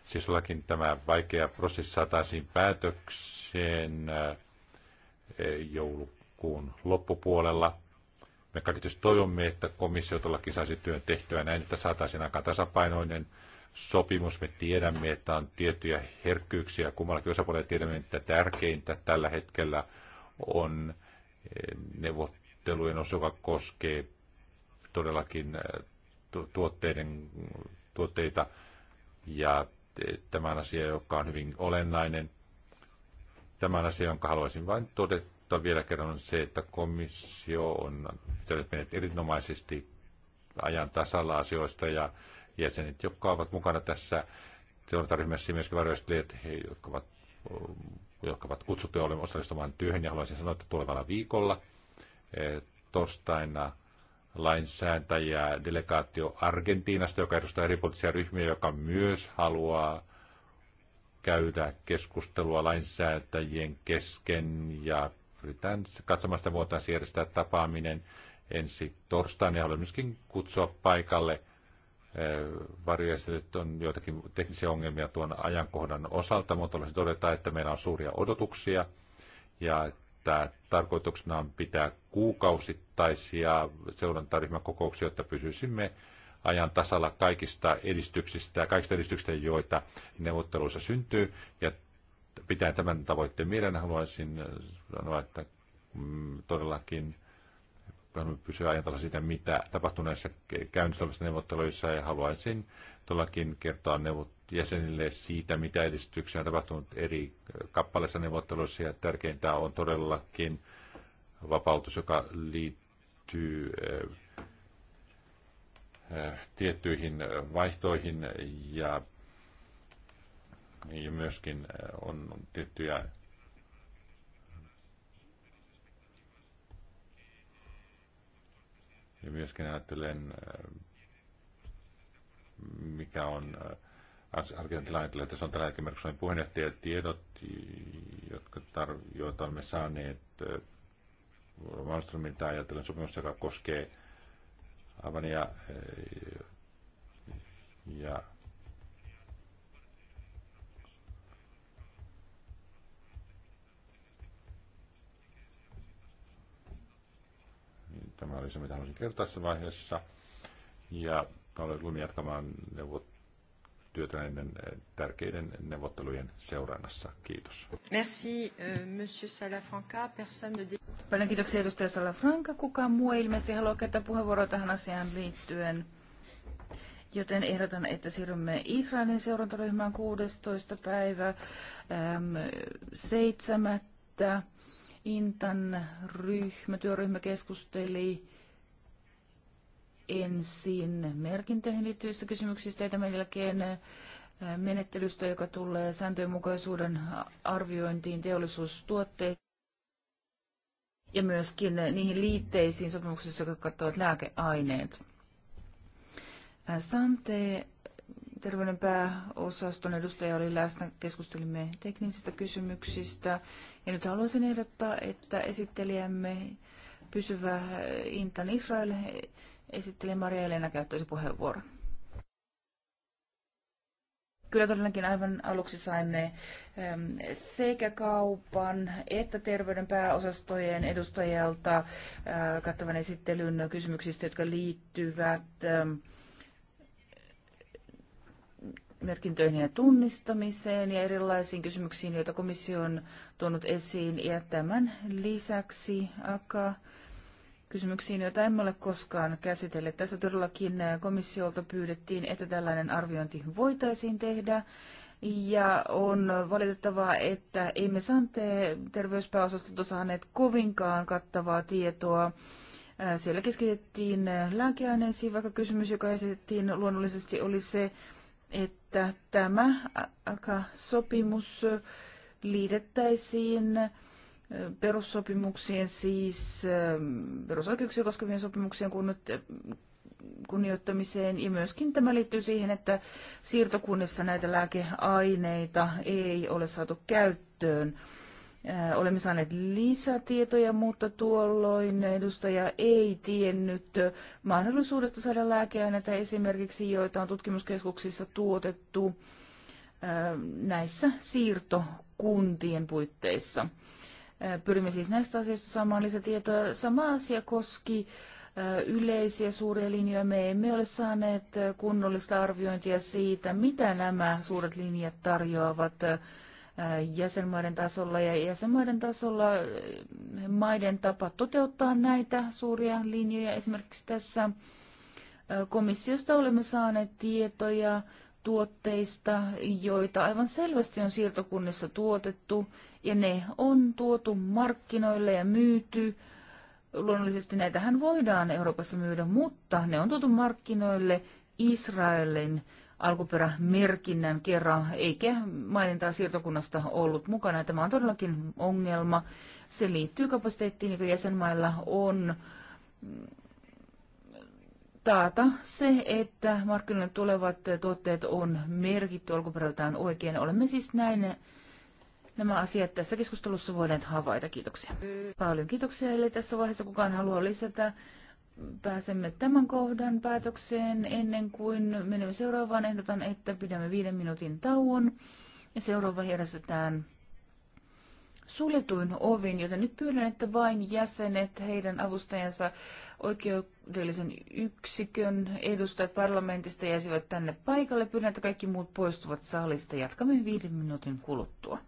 siis tämä vaikea prosessi saataisiin päätökseen eh, joulukuussa kuun loppupuolella. Me kaikki tietysti toivomme, että komissio todellakin saisi työn tehtyä näin, että saataisiin aika tasapainoinen sopimus. Me tiedämme, että on tiettyjä herkkyyksiä kummallakin osapuolella. Tiedämme, että tärkeintä tällä hetkellä on eh, neuvottelujen osa, joka koskee todellakin eh, tuotteiden, tuotteita. Ja eh, tämä asian, asia, joka on hyvin olennainen. Tämä on jonka haluaisin vain todeta mutta vielä kerran on se, että komissio on pitänyt meidät erinomaisesti ajan tasalla asioista ja jäsenet, jotka ovat mukana tässä seurantaryhmässä, myöskin varjoistelijat, he, jotka ovat, jotka ovat kutsuttuja olemaan osallistumaan työhön, ja haluaisin sanoa, että tulevalla viikolla eh, torstaina lainsääntäjä delegaatio Argentiinasta, joka edustaa eri poliittisia ryhmiä, joka myös haluaa käydä keskustelua lainsäätäjien kesken ja pyritään katsomaan sitä voitaisiin järjestää tapaaminen ensi torstaina ja haluan myöskin kutsua paikalle eh, varjoesityt on joitakin teknisiä ongelmia tuon ajankohdan osalta, mutta olisi todeta, että meillä on suuria odotuksia ja että tarkoituksena on pitää kuukausittaisia kokouksia, jotta pysyisimme ajan tasalla kaikista edistyksistä, kaikista edistyksistä, joita neuvotteluissa syntyy. Ja pitää tämän tavoitteen mielen, haluaisin sanoa, että mm, todellakin haluamme pysyä ajatella sitä, mitä tapahtui näissä käynnissä neuvotteluissa ja haluaisin todellakin kertoa neuvot- jäsenille siitä, mitä edistyksiä on tapahtunut eri kappaleissa neuvotteluissa ja tärkeintä on todellakin vapautus, joka liittyy eh, eh, tiettyihin vaihtoihin ja ja myöskin on tiettyjä ja myöskin ajattelen, mikä on Argentinan tilanne, että se on tällä hetkellä Mercosurin puheenjohtajatiedot, jotka tar- joita olemme saaneet Malmströmiltä ajatellen sopimus, joka koskee Albania ja Tämä oli se, mitä halusin kertoa tässä vaiheessa. Ja tulemme jatkamaan neuvot työtä ennen eh, tärkeiden neuvottelujen seurannassa. Kiitos. Merci, uh, monsieur Salafranca. Personne ne... Paljon kiitoksia edustaja Salafranca. Kukaan muu ei ilmeisesti halua käyttää puheenvuoroa tähän asiaan liittyen. Joten ehdotan, että siirrymme Israelin seurantaryhmään 16. päivä ähm, 7. Intan ryhmä, työryhmä keskusteli ensin merkintöihin liittyvistä kysymyksistä ja tämän jälkeen äh, menettelystä, joka tulee sääntöjen mukaisuuden arviointiin teollisuustuotteet ja myöskin niihin liitteisiin sopimuksissa, jotka kattavat lääkeaineet. Äh, Sante terveyden pääosaston edustaja oli läsnä, keskustelimme teknisistä kysymyksistä. Ja nyt haluaisin ehdottaa, että esittelijämme pysyvä Intan Israel esitteli Maria Elena käyttäisi puheenvuoron. Kyllä todellakin aivan aluksi saimme ähm, sekä kaupan että terveyden pääosastojen edustajalta äh, kattavan esittelyn kysymyksistä, jotka liittyvät ähm, merkintöihin ja tunnistamiseen ja erilaisiin kysymyksiin, joita komissio on tuonut esiin. Ja tämän lisäksi aika kysymyksiin, joita emme ole koskaan käsitelleet. Tässä todellakin komissiolta pyydettiin, että tällainen arviointi voitaisiin tehdä. Ja on valitettavaa, että emme sante terveyspääosastolta saaneet kovinkaan kattavaa tietoa. Siellä keskitettiin lääkeaineisiin, vaikka kysymys, joka esitettiin luonnollisesti, oli se, että tämä sopimus liitettäisiin perussopimuksien, siis perusoikeuksia koskevien sopimuksien kunnioittamiseen. Ja myöskin tämä liittyy siihen, että siirtokunnissa näitä lääkeaineita ei ole saatu käyttöön. Äh, olemme saaneet lisätietoja, mutta tuolloin edustaja ei tiennyt mahdollisuudesta saada lääkeaineita esimerkiksi, joita on tutkimuskeskuksissa tuotettu äh, näissä siirtokuntien puitteissa. Äh, pyrimme siis näistä asioista saamaan lisätietoa. Sama asia koski yleisiä suuria linjoja. Me emme ole saaneet kunnollista arviointia siitä, mitä nämä suuret linjat tarjoavat jäsenmaiden tasolla ja jäsenmaiden tasolla eh, maiden tapa toteuttaa näitä suuria linjoja. Esimerkiksi tässä eh, komissiosta olemme saaneet tietoja tuotteista, joita aivan selvästi on siirtokunnissa tuotettu ja ne on tuotu markkinoille ja myyty. Luonnollisesti näitähän voidaan Euroopassa myydä, mutta ne on tuotu markkinoille Israelin alkuperämerkinnän kerran, eikä mainintaa siirtokunnasta ollut mukana. Tämä on todellakin ongelma. Se liittyy kapasiteettiin, joka jäsenmailla on taata se, että markkinoille tulevat tuotteet on merkitty alkuperältään oikein. Olemme siis näin nämä asiat tässä keskustelussa voidaan havaita. Kiitoksia. Paljon kiitoksia, eli tässä vaiheessa kukaan haluaa lisätä pääsemme tämän kohdan päätökseen ennen kuin menemme seuraavaan. Ehdotan, että pidämme viiden minuutin tauon ja seuraava järjestetään suljetuin ovin, joten nyt pyydän, että vain jäsenet, heidän avustajansa, oikeudellisen yksikön edustajat parlamentista jäisivät tänne paikalle. Pyydän, että kaikki muut poistuvat saalista. Jatkamme viiden minuutin kuluttua.